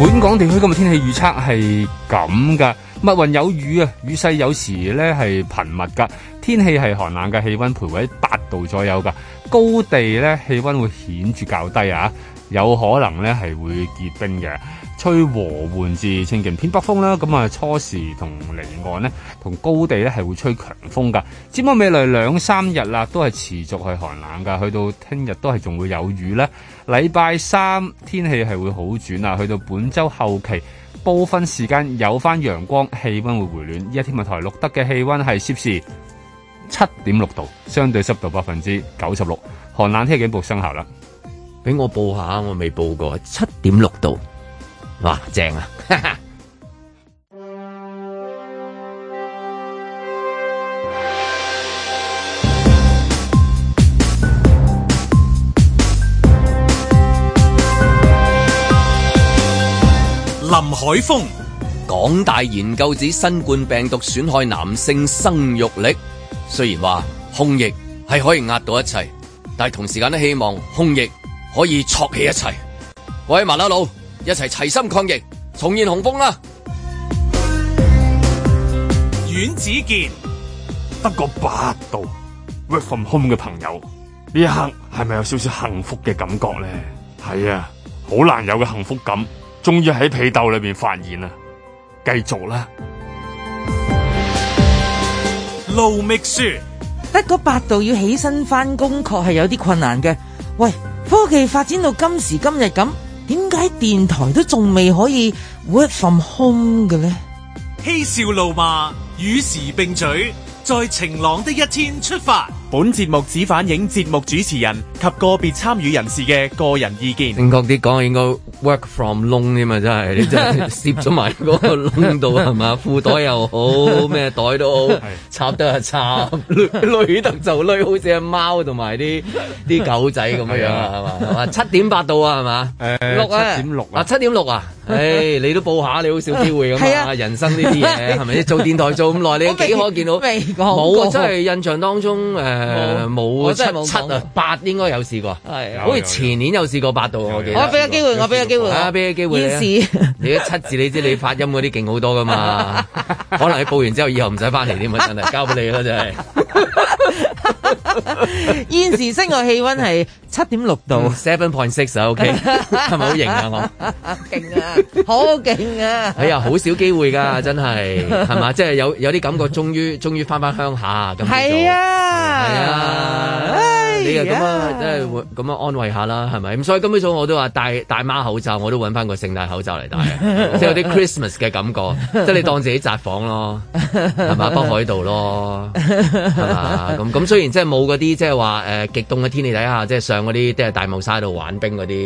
本港地區今日天氣預測係咁噶，密雲有雨啊，雨勢有時咧係頻密噶，天氣係寒冷嘅，氣溫徘徊喺八度左右噶，高地咧氣溫會顯著較低啊。有可能呢係會結冰嘅，吹和緩至清勁偏北風啦。咁啊初時同離岸呢同高地呢係會吹強風噶。展望未來兩三日啦，都係持續去寒冷噶。去到聽日都係仲會有雨呢。禮拜三天氣係會好轉啦。去到本週後期，部分時間有翻陽光，氣温會回暖。依家天文台錄得嘅氣温係攝氏七點六度，相對濕度百分之九十六，寒冷天氣警報生效啦。俾我報下，我未報過七點六度，哇，正啊，哈哈！林海峰，港大研究指新冠病毒損害男性生育力。雖然話控疫係可以壓到一切，但係同時間都希望控疫。可以挫起一齊，喂，麻甩佬，一齊齊心抗疫，重現雄風啦！阮子健得個八度 work from home 嘅朋友，呢一刻係咪有少少幸福嘅感覺咧？係啊，好難有嘅幸福感，終於喺被竇裏邊發現啦！繼續啦，盧覓雪得個八度要起身返工，確係有啲困難嘅。喂！科技發展到今時今日咁，點解電台都仲未可以 Work from home 嘅呢？嬉笑怒罵，與時並舉，在晴朗的一天出發。本節目只反映節目主持人及個別參與人士嘅個人意見。正確啲講，應該 work from 窿添啊！真係你真係攝咗埋嗰個窿度係嘛？褲袋又好，咩袋都好，插得又插，累得就累，好似阿貓同埋啲啲狗仔咁樣啊！係嘛？七點八度啊，係嘛？誒，六啊，七點六啊，七點六啊！誒，你都報下，你好少機會噶嘛？人生呢啲嘢係咪？做電台做咁耐，你幾可見到？未講冇啊！真係印象當中誒。誒，冇七我真係冇試過七啊，八應該有試過，好似前年有試過八度，我記得。我俾個機會，我俾個機會，我俾個機會。試你一 你嘅七字，你知你發音嗰啲勁好多噶嘛？ 可能你報完之後，以後唔使翻嚟添嘛真係交俾你啦，真係。 現時室外氣温係。七點六度，seven point six o k 係咪好型啊？ 我，勁啊，好 勁害啊、， 哎、啊，啊！哎呀，好少機會噶，真係，係嘛？即係有有啲感覺，終於終於翻翻鄉下咁。係啊，係啊，你又咁啊，真係咁啊安慰一下啦，係咪？咁所以今朝早我都話戴戴媽口罩，我都搵翻個聖誕口罩嚟戴，即 係、就是、有啲 Christmas 嘅感覺， 即係你當自己宅房咯，係 嘛？北海道咯，係嘛？咁咁雖然即係冇嗰啲即係話誒極凍嘅天氣底下，即係上。嗰啲即係大帽山度玩冰嗰啲，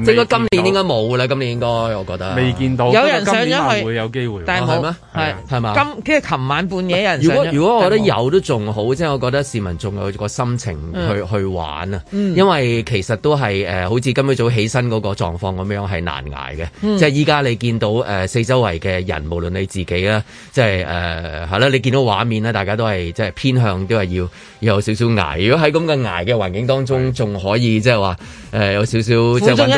應該今年應該冇啦。今年應該我覺得未見到、嗯、有人上咗去，會有機會，但係咩係，係嘛？今即係琴晚半夜有人上咗。如果如果我覺得有都仲好，即係我覺得市民仲有個心情去、嗯、去玩啊。因為其實都係誒、呃，好似今朝早起身嗰個狀況咁樣係難捱嘅、嗯。即係依家你見到誒、呃、四周圍嘅人，無論你自己啦，即係誒係啦，你見到畫面啦，大家都係即係偏向都係要，要有少少捱。如果喺咁嘅捱嘅環境當中，仲可。可以即係話，誒有少少，即係搵到係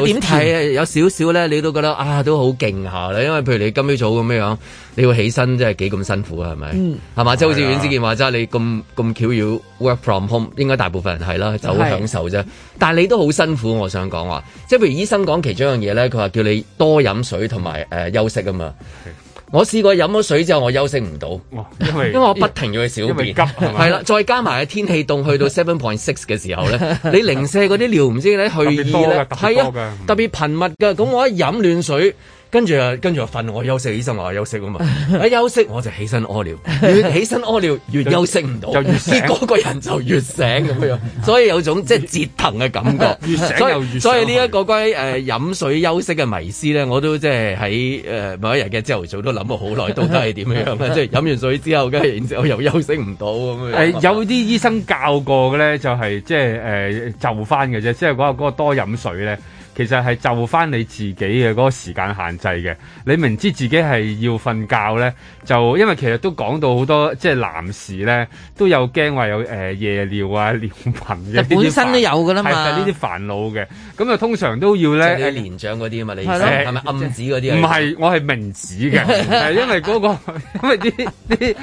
啊，有少少咧，你都覺得啊都好勁下咧。因為譬如你今朝早咁樣樣，你會起身即係幾咁辛苦啊？係咪？嗯，係嘛？即係好似阮子健話齋，你咁咁巧要 work from home，應該大部分人係啦，就好享受啫。但係你都好辛苦，我想講話，即係譬如醫生講其中一樣嘢咧，佢話叫你多飲水同埋誒休息啊嘛。我試過飲咗水之後，我休息唔到，因為因為我不停要去小便急，係啦，再加埋天氣凍，去到 seven point six 嘅時候咧， 你零舍嗰啲尿唔知你去意咧，係啊，特別頻密㗎。咁我一飲暖水。跟住啊，跟住話瞓我休息，醫生話我休息啊嘛，一 休息我就起身屙尿， 越起身屙尿越休息唔到，就越醒，嗰個人就越醒咁樣， 所以有種即係折騰嘅感覺。 越醒又越。所以呢一個關於誒飲水休息嘅迷思咧，我都即係喺誒某一日嘅朝頭早都諗過好耐，到底係點樣咧？即係飲完水之後，跟住然之後又休息唔到咁樣。有啲醫生教過嘅咧，就係即係誒就返嘅啫，即係嗰個嗰個多飲水咧。其實係就翻你自己嘅嗰個時間限制嘅。你明知自己係要瞓覺咧，就因為其實都講到好多，即係男士咧都有驚話有誒夜尿啊、尿頻嘅。本身都有㗎啦嘛，係咪呢啲煩惱嘅？咁啊，通常都要咧誒年長嗰啲啊嘛，你係咪暗指嗰啲？唔係，我係明指嘅、 嗰個，因為嗰個因為啲啲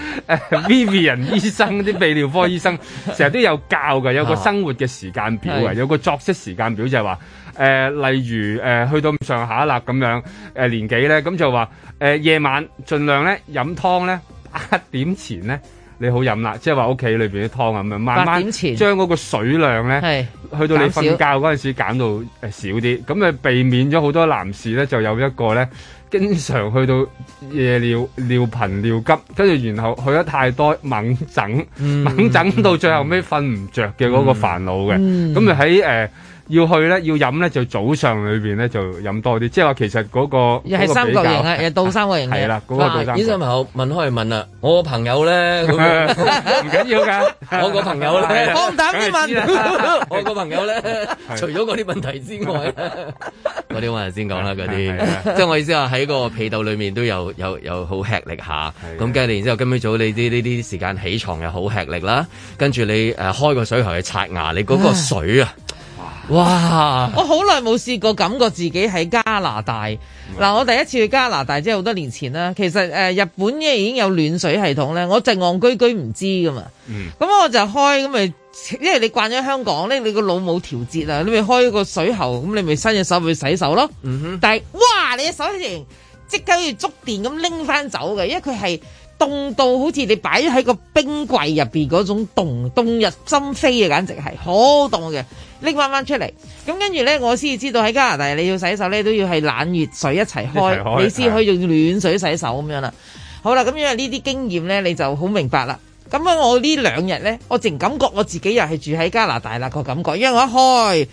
Vivian 醫生啲泌尿科醫生成日都有教嘅，有個生活嘅時間表啊，有個作息時間表就係、是、話。誒，例如誒，去到上下一粒咁樣誒年紀咧，咁就話誒夜晚盡量咧飲湯咧，八點前咧你好飲啦，即係話屋企裏邊啲湯啊，咁樣慢慢將嗰個水量咧，去到你瞓覺嗰陣時減到誒少啲，咁咪避免咗好多男士咧就有一個咧經常去到夜尿尿頻尿急，跟住然後去得太多猛整，猛整到最後尾瞓唔著嘅嗰個煩惱嘅，咁咪喺誒。要去咧，要飲咧，就早上裏邊咧就飲多啲。即係話其實嗰個又係三角形啊，倒三角形係啦。嗰個倒三角形。醫生問好，問開去問啦。我個朋友咧，唔緊要噶。我個朋友咧，大膽啲問。我個朋友咧，除咗嗰啲問題之外，嗰啲問題先講啦。嗰啲即係我意思話喺個被竇裏面都有有有好吃力下。咁跟住然之後，今朝早你啲呢啲時間起床又好吃力啦。跟住你誒開個水喉去刷牙，你嗰個水啊。哇！我好耐冇試過感覺自己喺加拿大嗱，我第一次去加拿大即係好多年前啦。其實誒、呃，日本嘅已經有暖水系統咧，我就戇居居唔知噶嘛。咁、嗯、我就開咁咪，因為你慣咗香港咧，你個腦冇調節啊，你咪開個水喉，咁你咪伸隻手去洗手咯。但係哇，你隻手突然即刻好似觸電咁拎翻走嘅，因為佢係。凍到好似你擺喺個冰櫃入邊嗰種凍凍入心扉啊，簡直係好凍嘅。拎翻翻出嚟，咁跟住呢，我先知道喺加拿大你要洗手呢，都要係冷熱水一齊開，開，你先可以用暖水洗手咁樣啦。好啦，咁因為呢啲經驗呢，你就好明白啦。咁樣我呢兩日呢，我淨感覺我自己又係住喺加拿大啦，這個感覺，因為我一開。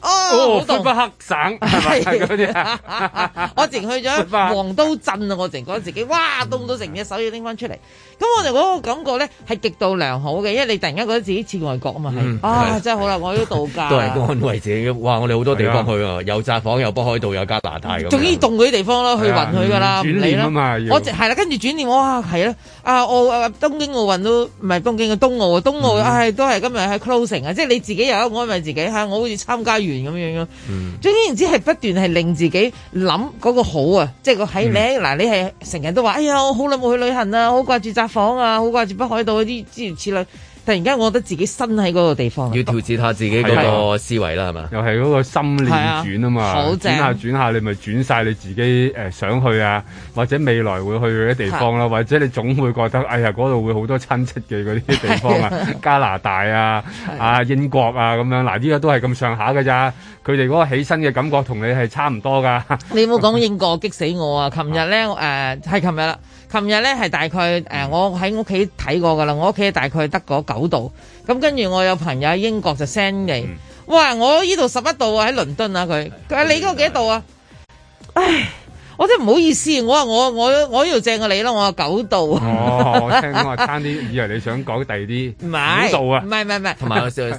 哦，好凍翻黑省，係嗰啲我直去咗黃刀鎮啊！我直講自己，哇，凍到成隻手要拎翻出嚟。咁我哋嗰個感覺咧係極度良好嘅，因為你突然間覺得自己似外國啊嘛，嗯、啊真係好啦，我都度假，都係安慰自己。哇！我哋好多地方去啊，有札幌，有北海道，有加拿大咁。仲要凍嗰啲地方咯，去搵佢㗎啦，嚟啦、啊嗯！我係啦、啊，跟住轉念，哇，係啦、啊嗯，啊，我東京奧運都唔係東京嘅東奧啊，東奧啊，都係今日喺 closing 啊，即係你自己又安慰自己嚇，我好似參加完咁樣咯、嗯。總然之係不斷係令自己諗嗰個好、嗯、啊，即係個喺名嗱，你係成日都話，哎呀，我好耐冇去旅行啊，好掛住房啊，好掛住北海道嗰啲諸如此類，突然間我覺得自己身喺嗰個地方，要調節下自己嗰個思維啦，係、啊、嘛、啊？又係嗰個心念轉啊嘛，轉、啊、下轉下，你咪轉晒你自己誒、呃、想去啊，或者未來會去嗰啲地方咯、啊，或者你總會覺得哎呀嗰度會好多親戚嘅嗰啲地方啊，加拿大啊啊，啊英國啊咁樣，嗱呢個都係咁上下噶咋，佢哋嗰個起身嘅感覺同你係差唔多噶。你有冇講英國，激 死我啊！琴日咧誒，係琴、啊呃、日啦。琴日咧係大概誒，我喺屋企睇過噶啦，我屋企大概得嗰九度，咁跟住我有朋友喺英國就 send 嘅，「哇！我依度十一度啊，喺倫敦啊」佢，佢你嗰度幾多度啊？唉。我真唔好意思，我話我我我呢度正過你咯，我有九度。哦，我聽講話差啲，以為你想講第二啲五度啊？唔係唔係唔係，同埋有濕咧，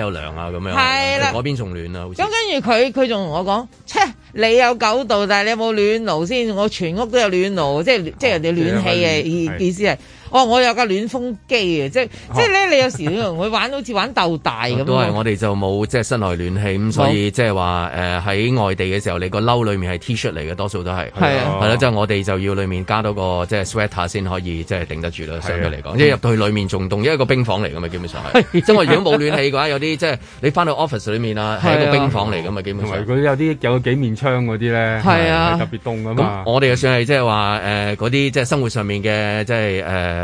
有涼啊咁樣。係啦，嗰邊仲暖啊。咁跟住佢佢仲同我講，切你有九度，但係你有冇暖爐先？我全屋都有暖爐，即係、哦、即係人哋暖氣嘅意思係。哦，我有個暖風機即係即係咧，你有時會玩好似玩鬥大咁。都係我哋就冇即係室內暖氣咁，所以即係話誒喺外地嘅時候，你個褸裏面係 T-shirt 嚟嘅，多數都係係啊，係啦，即係我哋就要裏面加多個即係 sweater 先可以即係頂得住啦。相對嚟講，一入到去裏面仲凍，因為個冰房嚟㗎嘛，基本上係。因為、啊、如果冇暖氣嘅話，有啲即係你翻到 office 裏面啊，係一個冰房嚟㗎嘛，基本上。佢、啊、有啲有，有幾面窗嗰啲咧，係啊，特別凍㗎嘛。咁我哋就算係、就是呃、即係話嗰啲即係生活上面嘅即係、呃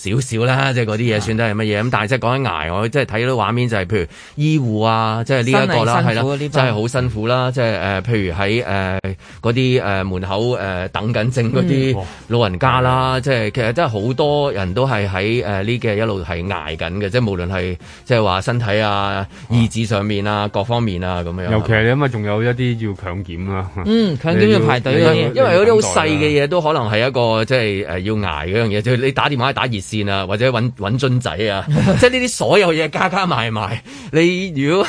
少少啦，即係嗰啲嘢算得係乜嘢咁？但係即係講緊捱，我即係睇到畫面就係、是、譬如醫護啊，即係呢一個啦，係、啊、啦，真係好辛苦啦！即係誒、呃，譬如喺誒嗰啲誒門口誒、呃、等緊症嗰啲老人家啦，嗯哦、即係其實真係好多人都係喺誒呢嘅一路係捱緊嘅，即係無論係即係話身體啊、哦、意志上面啊、各方面啊咁樣。尤其係啊，因為仲有一啲要強檢啊。嗯，強檢要排隊、啊要，因為嗰啲好細嘅嘢都可能係一個即係誒、呃、要捱嗰樣嘢，即你打電話打熱線。或者揾樽仔啊， 即係呢啲所有嘢加加埋埋。你如果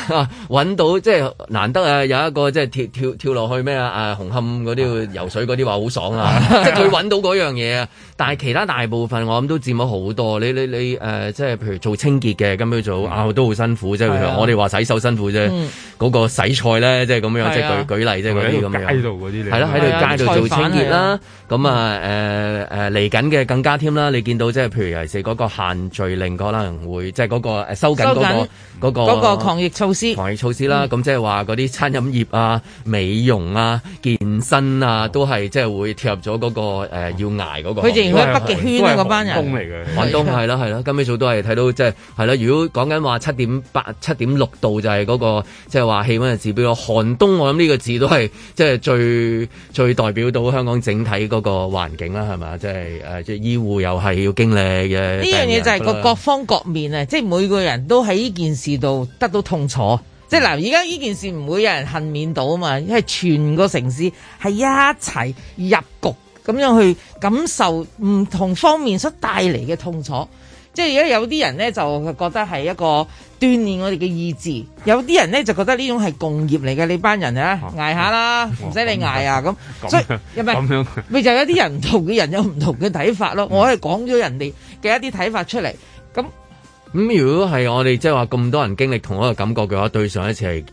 揾、啊、到，即係難得啊，有一個即係跳跳跳落去咩啊？啊，紅磡嗰啲、啊、游水嗰啲話好爽啊！即係佢揾到嗰樣嘢啊。東西但係其他大部分我諗都佔咗好多。你你你誒、呃，即係譬如做清潔嘅，咁樣做啊，都好辛苦。即係、啊、譬如我哋話洗手辛苦啫，嗰、嗯那個洗菜咧，即係咁樣，即係、啊、舉，舉例即係嗰啲咁樣。啊、在街道嗰啲嚟。係啦，喺度街度做清潔啦。咁啊，誒、嗯、誒，嚟緊嘅更加添啦。你見到即係譬如。尤其是嗰個限聚令可能會即係嗰個、啊、收緊嗰、那個嗰個抗疫措施抗、啊啊、疫措施啦，咁即係話嗰啲餐飲業啊、美容啊、健身啊，都係即係會貼入咗嗰個要捱嗰個。佢哋而家北極圈啊，嗰班人。嚟嘅，寒冬係咯係咯，今朝早都係睇到即係係咯。如果講緊話七點八七點六度就係嗰、那個即係話氣温嘅指標咯。寒冬我諗呢個字都係即係最最代表到香港整體嗰個環境啦，係咪？即係誒，即、呃、係醫護又係要經歷。呢樣嘢就係個各方各面啊，即係每個人都喺呢件事度得到痛楚，即係嗱，而家呢件事唔會有人幸免到啊嘛，因為全個城市係一齊入局，咁樣去感受唔同方面所帶嚟嘅痛楚。即係如果有啲人咧就覺得係一個鍛鍊我哋嘅意志，有啲人咧就覺得呢種係共業嚟嘅，你班人啊，捱下啦，唔使你捱啊咁。所咁樣係咪 就有啲人唔同嘅人有唔同嘅睇法咯？我係講咗人哋嘅一啲睇法出嚟。咁咁、嗯、如果係我哋即係話咁多人經歷同一個感覺嘅話，對上一次係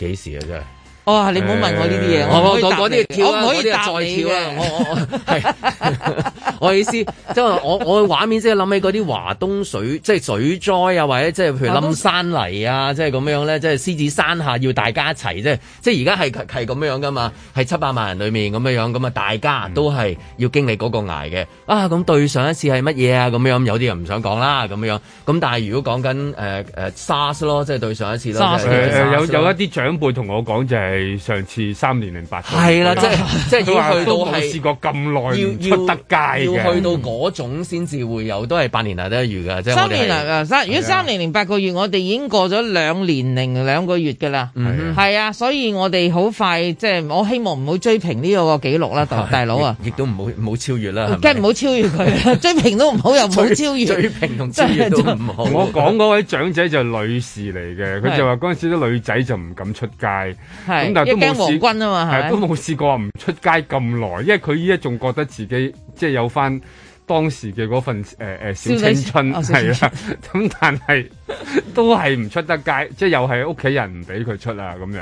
幾時啊？真係哦，你唔好問我呢啲嘢，我唔可以答你，我唔、啊啊、可以答你嘅、啊。我我我 我意思即係我我嘅畫面即係諗起嗰啲華東水即係、就是、水災啊，或者即係譬如冧山泥啊，即係咁樣咧，即係獅子山下要大家一齊，即係即係而家係係咁樣樣噶嘛，係七百萬人裏面咁樣樣，咁啊大家都係要經歷嗰個捱嘅。嗯、啊，咁對上一次係乜嘢啊？咁樣有啲人唔想講啦，咁樣咁但係如果講緊誒誒 sars 咯，即、就、係、是、對上一次咯。沙士誒有有一啲長輩同我講就係上次三年零八。係啦、啊，即係即係要去到係。試過咁耐唔出得街。去到嗰種先至會有，都係八年嚟得一遇嘅，即係三年嚟啊。三如果三年零八個月，我哋已經過咗兩年零兩個月㗎啦。嗯，係啊，所以我哋好快，即係我希望唔好追平呢個紀錄啦，大佬啊，亦都唔好唔好超越啦。梗唔好超越佢，追平都唔好，又唔好超越。 追,追平同超越都唔好。 我講嗰位長者就女士嚟嘅，佢就話嗰陣時啲女仔就唔敢出街，咁但係都冇試，驚皇軍吖嘛？係都冇試過唔出街咁耐，因為佢依家仲覺得自己。即係有翻當時嘅嗰份誒誒、呃、小青春係啦，咁、哦、但係都係唔出得街，即係又係屋企人唔俾佢出啊咁樣，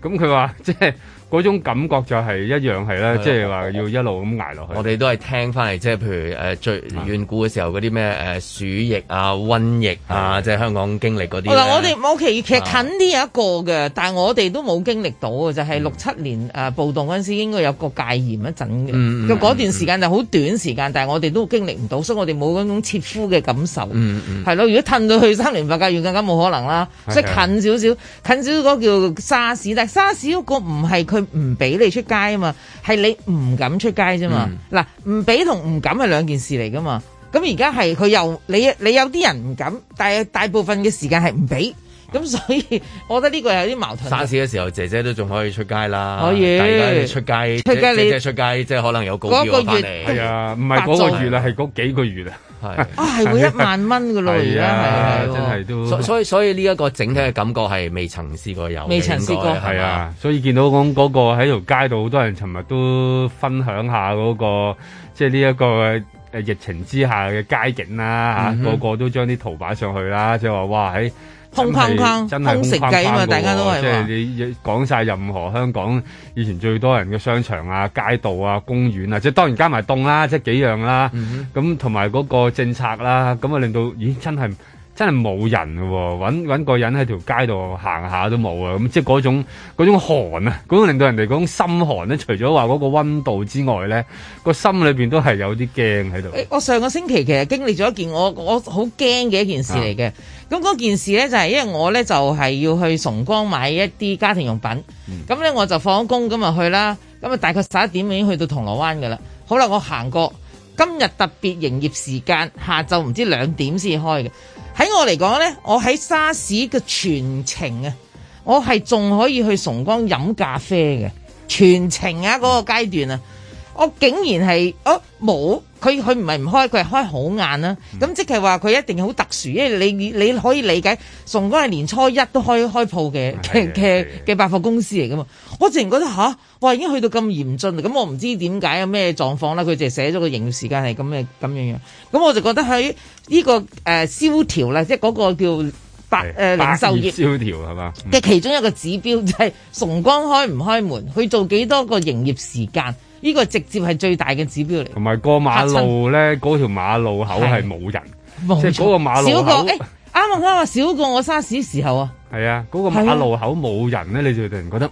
咁佢話即係。嗰種感覺就係一樣係啦，即係話要一路咁捱落去。我哋都係聽翻嚟，即係譬如誒最遠古嘅時候嗰啲咩誒鼠疫啊、瘟疫啊，即係香港經歷嗰啲。嗱，我哋我其其實近啲有一個嘅，但係我哋都冇經歷到嘅，就係六七年誒暴動嗰陣時應該有個戒嚴一陣嘅。就嗰段時間就好短時間，但係我哋都經歷唔到，所以我哋冇嗰種切膚嘅感受。係咯，嗯嗯嗯嗯，如果褪到去三年八屆，預更加冇可能啦。所以近少少，近少少嗰個叫沙士，但係沙士嗰個唔係佢。唔俾你出街啊嘛，係你唔敢出街啫嘛。嗱、嗯，唔俾同唔敢係兩件事嚟噶嘛。咁而家係佢又你你有啲人唔敢，但係大部分嘅時間係唔俾。咁所以我覺得呢個有啲矛盾。沙士嘅時候，姐姐都仲可以出街啦，oh、yeah, 大家出街，出街，姐姐出街，即係可能有告票翻嚟。係、那個、啊，唔係嗰個月啦，係嗰、啊、幾個月啦係啊，係會一萬蚊嘅咯，而家係啊，真係都。所以所以所以呢一個整體嘅感覺係未曾試過有，未曾試過係啊。所以見到講嗰個喺條街度，好多人尋日都分享一下嗰、嗰個，即係呢一個誒疫情之下嘅街景啦嚇、嗯，個個都將啲圖擺上去啦，即係話哇喺。碰碰碰真碰碰真空曬，空食嘅嘛，大家都係，即係你講晒任何香港以前最多人嘅商場啊、街道啊、公園啊，即係當然加埋凍啦，即係幾樣啦、啊。咁同埋嗰個政策啦、啊，咁啊令到，咦，真係。真係冇人喎，搵揾個人喺條街度行下都冇啊！咁即係嗰種嗰種寒啊，嗰種令到人哋嗰種心寒咧。除咗話嗰個溫度之外咧，個心裏邊都係有啲驚喺度。我上個星期其實經歷咗一件我我好驚嘅一件事嚟嘅。咁、啊、嗰件事咧就係、是、因為我咧就係、是、要去崇光買一啲家庭用品，咁、嗯、咧我就放工咁啊去啦。咁啊，大概十一點已經去到銅鑼灣㗎啦。好啦，我行過今日特別營業時間，下晝唔知兩點先開嘅。喺我嚟講咧，我喺沙士嘅全程啊，我係仲可以去崇光飲咖啡嘅全程啊嗰個階段啊，我竟然係哦冇。啊佢佢唔係唔開，佢係開好晏啦。咁、嗯、即係話佢一定好特殊，因為你你可以理解崇光係年初一都開開鋪嘅，嘅嘅百貨公司嚟噶嘛。是是是是我突然覺得吓，哇已經去到咁嚴峻咁我唔知點解有咩狀況啦。佢就寫咗個營業時間係咁嘅咁樣樣咁我就覺得喺呢、這個誒、呃、蕭條啦，即係嗰個叫百誒零售業蕭條係嘛嘅其中一個指標、嗯、就係崇光開唔開門，佢做幾多個營業時間。呢、這個直接係最大嘅指標嚟，同埋過馬路咧，嗰條馬路口係冇人，是即係嗰個馬路口。誒，啱啊啱啊， 少過我沙士時候啊，係啊，嗰、那個馬路口冇人咧，你就突然覺得。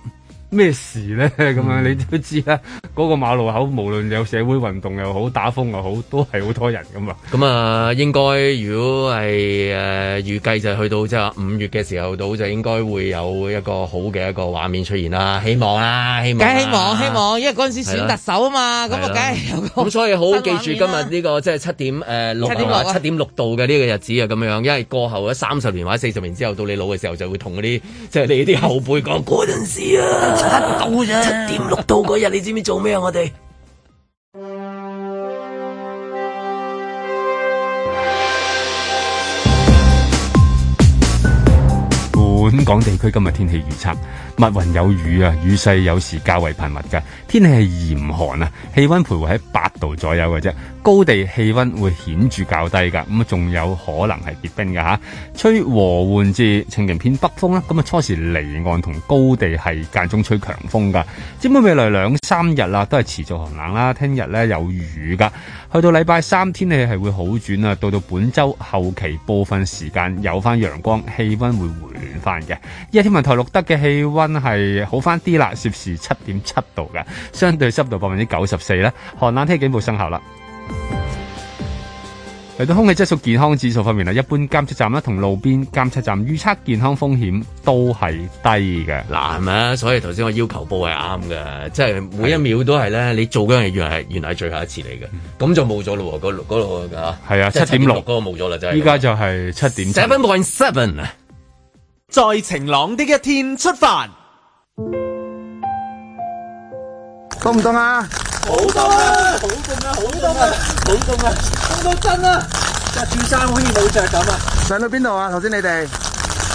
咩事咧？咁、嗯、樣你都知啦。嗰、嗰個馬路口，無論有社會運動又好，打風又好，都係好多人㗎嘛。咁啊、呃，應該如果係誒預計就去到即係五月嘅時候到，就，是、就應該會有一個好嘅一個畫面出現啦，希望啦、啊，希望、啊。梗係希望、啊，希望，因為嗰陣時選特首啊嘛。咁啊，梗係、啊、有、啊。咁所以好，好記住今日呢、這個即係七點誒六七點六七、啊啊、點六、啊、度嘅呢個日子啊，咁樣，因為過後咧三十年或者四十年之後，到你老嘅時候就，就會同嗰啲即係你啲後輩講嗰陣時啊。啊、七度啫，七點六度嗰日， 你知唔知做咩啊？我哋本港地區今日天氣預測，密雲有雨啊，雨勢有時較為頻密噶，天氣係嚴寒啊，氣温徘徊喺八度左右嘅啫。高地氣温會顯著較低噶，咁啊仲有可能係結冰噶吓，吹和緩至清勁偏北風啦，咁啊初時離岸同高地係間中吹強風噶。只不過未來兩三日啦，都係持續寒冷啦。聽日咧有雨噶，去到禮拜三天氣係會好轉啊。到到本週後期部分時間有翻陽光，氣温會回暖翻嘅。依家天文台錄得嘅氣温係好翻啲啦，攝氏七點七度噶，相對濕度百分之九十四啦。寒冷天氣警報生效啦。嚟到空氣質素健康指數方面，一般監測站咧同路邊監測站預測健康風險都係低嘅，嗱，係咪啊？所以頭先我要求報係啱嘅，即係每一秒都係咧，你做嗰樣嘢原來係原來係最後一次嚟嘅，咁就冇咗咯，嗰個六嗰、嗰個吓，係、嗰、啊、個，七、嗰個、點六嗰個冇咗啦，依家就係七點七。Seven seven，在晴朗的一天出發。凍唔凍啊？好凍啊！好凍啊！好凍啊！好凍啊！凍到震啊！著住衫好似冇著咁啊！上到邊度啊？頭先你哋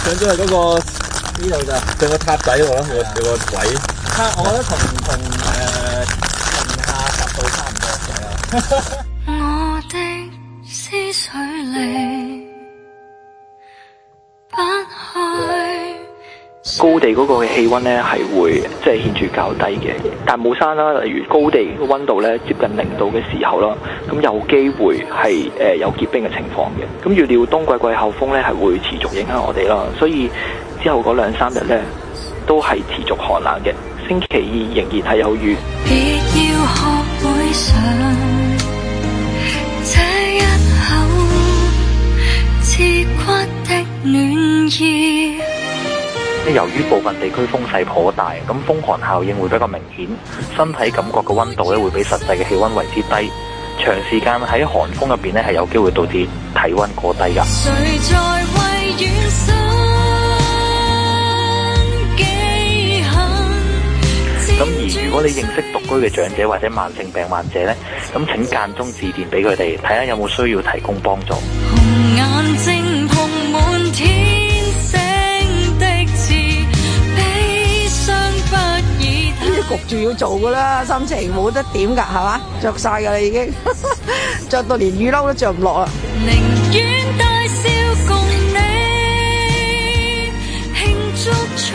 上咗去嗰個呢度咋？上個塔仔度咯，有個鬼。塔，我覺得同同誒，塔塔到差唔多，就係啦。我的思緒裏，不。高地嗰個嘅氣溫呢係會即係顯著較低嘅，但冇山啦，例如高地溫度呢接近零度嘅時候啦，咁有機會係誒有結冰嘅情況嘅。咁預料冬季季候風呢係會持續影響我哋啦，所以之後嗰兩三日呢都係持續寒冷嘅。星期二仍然係有雨。必要學會上。由於部分地區風勢頗大，咁風寒效應會比較明顯，身體感覺嘅溫度咧會比實際嘅氣溫為之低，長時間喺寒風入邊咧係有機會導致體溫過低噶。咁而如果你認識獨居嘅長者或者慢性病患者呢，咁請間中致電俾佢哋，睇下有冇需要提供幫助。焗住要做噶啦，心情冇得點噶，係嘛？着曬㗎啦，已經，着 到連雨褸都着唔落喇。寧願帶笑共你慶祝春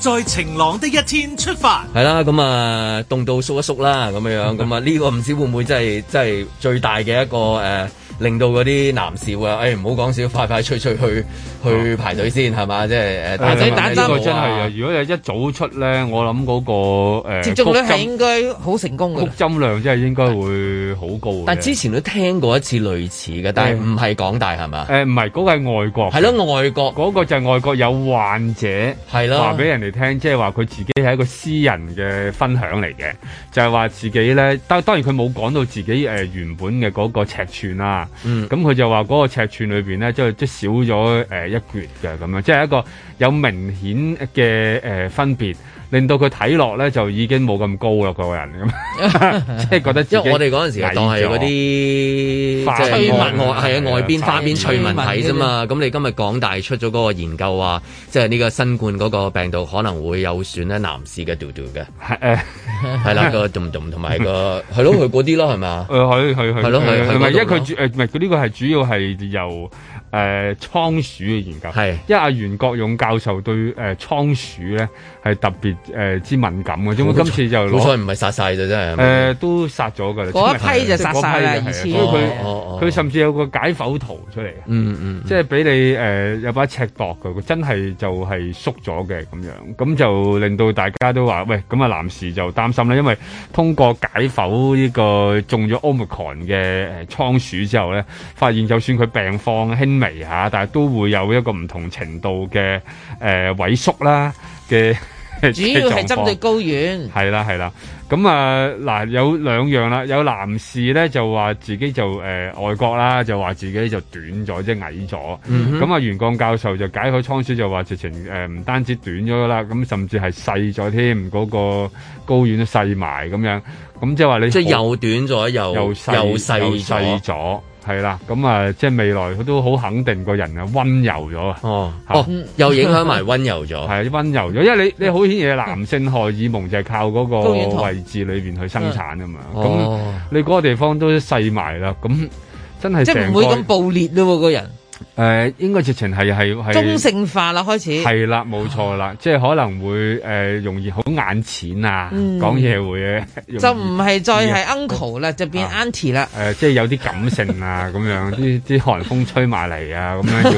在晴朗的一天出發，係啦，咁啊凍到縮一縮啦，咁樣樣，咁啊呢個唔知會唔會真係真係最大嘅一個誒、嗯呃，令到嗰啲男士啊，誒唔好講笑，快快脆脆去去，去排隊先係嘛、嗯，即係誒，但係呢真係啊，如果一早出咧，我諗嗰、那個誒、呃、接種咧係應該好成功嘅，針量真係應該會好高但。但之前都聽過一次類似嘅、嗯，但係唔係港大係嘛？誒唔係，嗰、呃那個係外國。係咯，外國嗰、那個就係外國有患者，係咯，話俾人哋。聽即係話佢自己係一個私人嘅分享嚟嘅，就係、是、話自己咧，當當然佢冇講到自己誒、呃、原本嘅嗰個尺寸啦、啊。嗯，咁佢就話嗰個尺寸裏邊咧，即係即係少咗誒、呃、一橛嘅咁樣，即、就、係、是、一個有明顯嘅誒分別。令到佢睇落咧就已經冇咁高啦，個人咁，即係、就是、覺得自己，因為我哋嗰陣時當係嗰啲即民外，係啊外邊花邊村民睇啫嘛。咁你今日港大出咗嗰個研究話，即係呢個新冠嗰個病毒可能會有損咧男士嘅屌屌嘅。係、呃、誒，係啦，嗰個同同同埋個係咯，佢嗰啲咯係咪？誒、係係係咯因為佢主佢呢個係主要係由。誒、呃、倉鼠嘅研究，係，因為阿袁國勇教授對誒倉、呃、鼠咧係特別誒、呃、之敏感嘅，咁啊今次就攞，好彩唔係殺晒啫，真係，誒、呃、都殺咗㗎，嗰一批就殺晒啦，所以佢佢甚至有個解剖圖出嚟，嗯嗯，即係俾你誒、呃、有把尺度佢，佢真係就係縮咗嘅咁樣，咁就令到大家都話，喂，咁啊男士就擔心啦，因為通過解剖呢、這個中咗 Omicron 嘅誒倉鼠之後咧，發現就算佢病況微嚇，但係都會有一個唔同程度嘅誒、呃、萎縮啦，嘅主要係針對睾丸，係 啊、啦係啦。咁啊嗱，有兩樣啦。有男士咧就話自己就誒、呃、外國啦，就話自己就短咗，即、就、係、是、矮咗。咁、嗯嗯嗯、啊，袁剛教授就解開倉鼠就話，直情誒唔單止短咗啦，咁甚至係細咗添。嗰、那個睾丸都細埋咁樣，咁即係話你即係又短咗，又又細咗。又細係啦，咁、嗯、啊，即係未來佢都好肯定個人啊溫柔咗啊、哦，哦，又影響埋溫柔咗，係 溫柔咗，因為你你好顯嘢男性荷爾蒙就係靠嗰個位置裏邊去生產啊嘛，咁你嗰個地方都細埋啦，咁、哦、真係即係唔會咁暴裂咯、啊，個人。誒、呃、應該直情係係係中性化啦，開始係啦，冇錯啦，即係可能會誒、呃、容易好眼淺啊，講、嗯、嘢會就唔係再係 uncle 啦、嗯，就變 auntie 啦。誒、啊呃，即係有啲感性啊，咁 樣啲啲寒風吹埋嚟啊，咁樣要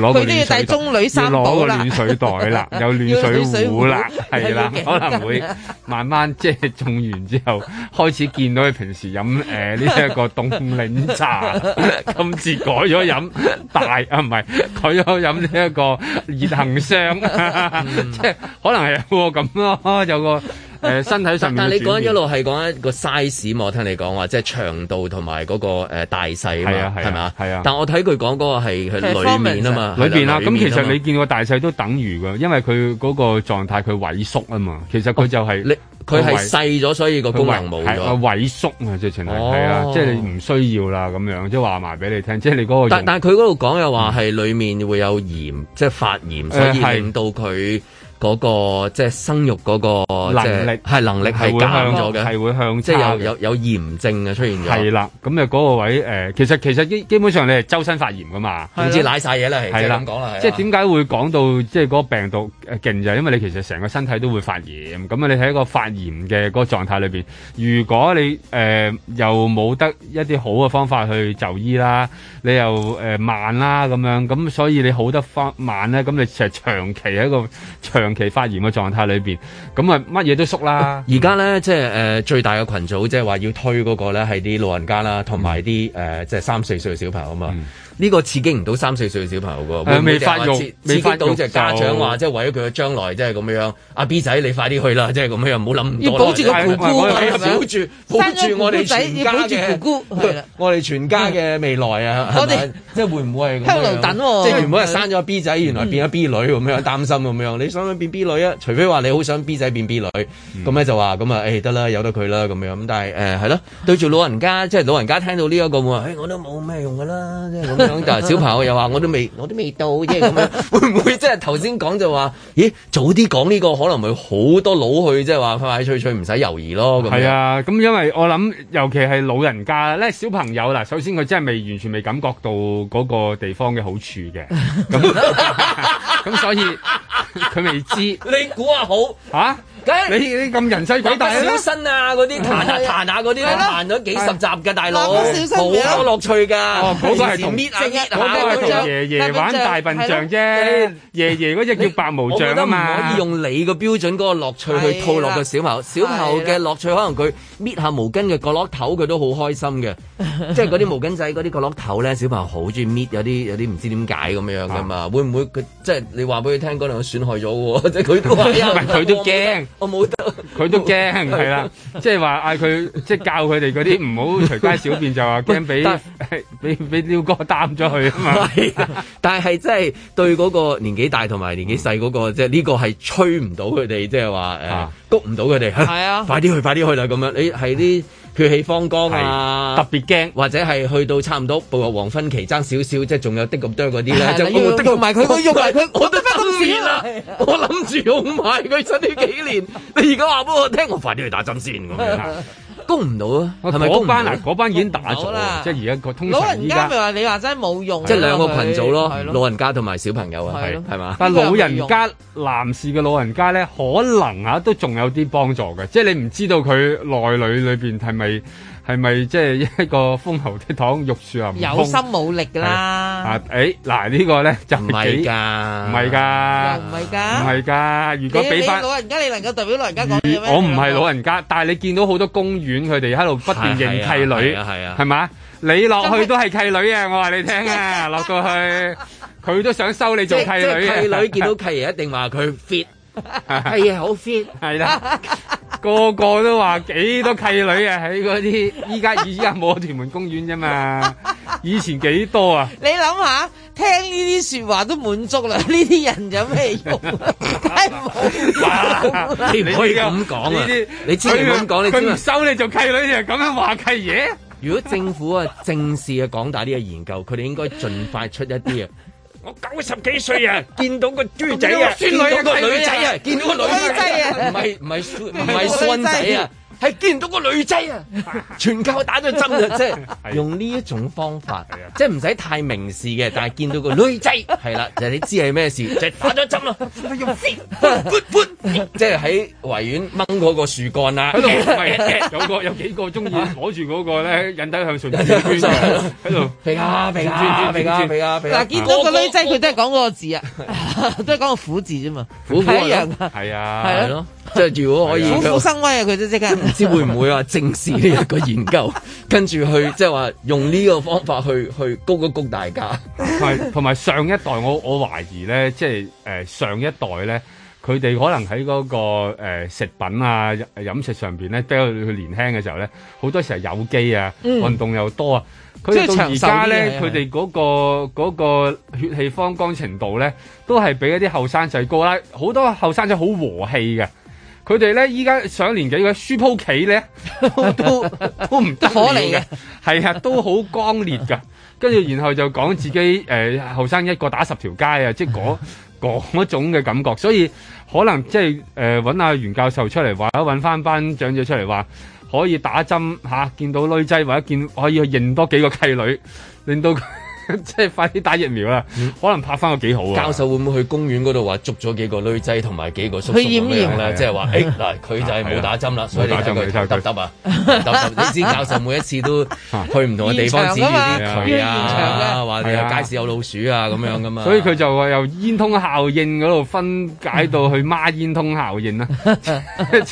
要攞個攞個暖水袋啦，有 暖水， 水，水壺啦，係 啦，可能會慢慢即係種完之後 開始見到佢平時飲誒呢一個凍檸茶， 今次改咗飲大。啊，唔係，佢都飲呢一個熱騰箱，哈哈 即係可能係有個咁咯，有個。誒， 身體上但，但係你講一路係講一個 size 嘛？我聽你講話，即係長度同埋嗰個誒大細嘛，係咪啊？係啊，啊。但我睇佢講嗰個係佢裏面啊嘛，裏面啦、啊。咁其實你見到大細都等於噶，因為佢嗰個狀態佢萎縮啊嘛。其實佢就係佢係細咗，所以個功能冇咗、啊，萎縮、就是哦、啊，即係情係係啊，即係你唔需要啦咁樣。即係話埋俾你聽，即係你嗰個。但但係佢嗰度講又話係裏面會有炎，即係發炎，所以令到佢。嗰個即係生育嗰個能力係能力係減咗嘅，係會向，會向即係有有有炎症嘅出現咗。係啦，咁誒嗰個位、呃、其實其實基基本上你係周身發炎噶嘛，唔知攋晒嘢啦，係咁講啦。即係點解會講到即係嗰個病毒誒勁就係因為你其實成個身體都會發炎，咁啊你喺一個發炎嘅嗰個狀態裏面，如果你誒、呃、又冇得一啲好嘅方法去就醫啦，你又慢啦咁樣，咁所以你好得翻慢咧，咁你成日長期喺一個長長期發炎嘅狀態裏邊，咁啊乜嘢都縮啦。而家咧，即係誒最大嘅群組，即係話要推嗰個咧係啲老人家啦，同埋啲誒，即係三四歲嘅小朋友啊嘛。呢、這個刺激唔到三四歲嘅小朋友噶，未唔會，會發熱？刺，發育刺激到就家長話，即係為咗佢嘅將來，即係咁樣。阿 B 仔，你快啲去啦，即係咁樣，唔好諗唔要保住個姑姑保住，保住我哋全家嘅，我哋全家嘅未來，嗯嗯、會會啊！我哋即係會唔會係香爐躉？即係原本係生咗 B 仔，原來變咗 B 女咁樣擔心咁樣，你想唔變 B 女啊？除非話你好想 B 仔變 B 女，咁、嗯、咧就話咁啊，誒、哎、得啦，由得佢啦咁樣咁但係誒係咯，對住老人家，即係老人家聽到呢、這、一個會、哎、我都冇咩用噶啦，即係 但、嗯、係小朋友又話：我都未，我都未到嘅，咁樣會唔會即係頭先講就話？咦，早啲講呢個可能咪好多佬去，即係話快快脆脆，唔使猶豫咯。係啊，咁因為我諗，尤其係老人家咧，小朋友啦，首先佢真係未完全未感覺到嗰個地方嘅好處嘅。咁 咁那 所以佢未知。你估下好、啊梗係你你咁人細鬼大小心啊！嗰啲彈下彈下嗰啲，彈咗幾十集嘅大佬，好多樂趣㗎。嗰個係同爺爺玩大笨象啫，爺爺嗰隻叫白毛象啊嘛。唔可以用你個標準嗰個樂趣去套落個小朋友，小朋友嘅樂趣可能佢搣下毛巾嘅角落頭，佢都好開心嘅。即係嗰啲毛巾仔、嗰啲角落頭咧，小朋友好中意搣，有啲有啲唔知點解咁樣樣㗎嘛。會唔會佢即係你話俾佢聽，兩個損害咗喎？即係佢都係，佢都驚。我冇得，佢都驚，係啦，即係話嗌佢，即係、就是就是、教佢哋嗰啲唔好隨街小便， 就話驚俾俾俾廖哥擔咗佢啊嘛。 但係真係對嗰個年紀大同埋年紀細嗰個，即係呢個係吹唔到佢哋，即係話誒，谷唔到佢哋。係啊，啊 快啲去，快啲去啦，咁樣你係啲。 血氣方剛啊，特別驚，或者係去到差唔多步入黃昏期爭少少，即係仲有的咁多嗰啲咧，即係用埋佢，佢用埋佢，我都翻到面啦。 我諗住用埋佢，趁呢幾年，你而家話俾我聽，我快啲去打針先咁樣。 攻唔到啊！嗰班嗰班已經打咗啦，即係而家個通常老人家咪話你話真係冇用，啊，即係、就是、兩個群組咯，老人家同埋小朋友啊，係係嘛？但老人家男士嘅老人家咧，可能啊都仲有啲幫助嘅，即係你唔知道佢內裏裏面係咪？係咪即係一個風喉的糖玉樹啊？有心冇力㗎啦！啊，誒嗱呢個咧就唔係㗎，唔係㗎，唔係㗎，唔係㗎。如果俾翻老人家，你能夠代表老人家講嘢咩？我唔係老人家，但係你見到好多公園佢哋喺度不斷認契女，係啊係啊，係嘛？你落去都係契女啊！我話你聽啊，落過去，佢都想收你做契女。契女見到契爺一定話佢 fit。係啊，好 fit 係啦， 個個都話幾多契女啊，喺嗰啲依家而家冇屯門公園啫嘛，以前幾多啊？你諗下，聽呢啲說話都滿足啦，呢啲人有咩用啊？ 你唔可以咁講啊！你唔可以咁講，你知嘛？佢唔收你做契女契，就咁樣話契爺。如果政府啊，正視啊，廣大呢個研究，佢哋應該盡快出一啲啊。我九十幾歲啊， 見到個豬仔啊,啊，見到個女仔啊,啊，見到個女仔啊，唔係唔係孫唔係孫仔啊。係見唔到個女仔啊！全靠打咗針啊，即係用呢一種方法， 是啊是啊、即係唔使太明示嘅。但係見到個女仔係啦，就是、你知係咩事，就是、打咗針啦、啊。用 s t i 即係喺維園掹嗰個樹幹啦、啊。有個有幾個中意攞住嗰個咧、啊，引體向上轉轉，喺度。皮啊皮啊皮啊皮啊皮啊！嗱，見到個女仔，佢都係講嗰個字啊，都係講個虎字啫嘛，虎一樣啊，係啊，係咯，即係如果可以，虎虎生威啊，佢都即刻。 知會唔會話正視呢一個研究， 跟住去即係話用呢個方法去 去谷一谷大家。係同埋上一代我，我我懷疑咧，即係誒上一代咧，佢哋可能喺嗰、嗰個、呃、食品啊、飲食上邊咧，比較佢年輕嘅時候咧，好多時候有機啊，運、嗯、動又多啊。佢到而家咧，佢哋嗰個嗰、嗯、血氣方剛程度咧，都係比一啲後生仔高啦。好多後生仔好和氣嘅。佢哋咧依家上年紀嘅書鋪企咧，都都唔得可嚟嘅，係啊，都好剛烈噶。跟住然後就講自己誒後生一個打十條街啊，即係嗰嗰種嘅感覺。所以可能即係誒揾阿袁教授出嚟話，揾翻班長者出嚟話，可以打針嚇、啊，見到女仔或者見可以去認多幾個契女，令到。 即係快啲打疫苗啦、嗯，可能拍翻個幾好啊！教授會唔會去公園嗰度話捉咗幾個女仔同埋幾個叔叔咁樣咧？即係話，誒嗱，佢就係冇打針啦，所以打針佢就得唔得啊？你知教授每一次都去唔同嘅地方指住啲佢啊，或啲、啊啊、街市有老鼠啊，咁、啊、樣噶嘛？所以佢就話由煙通效應嗰度分解到去孖煙通效應啦，即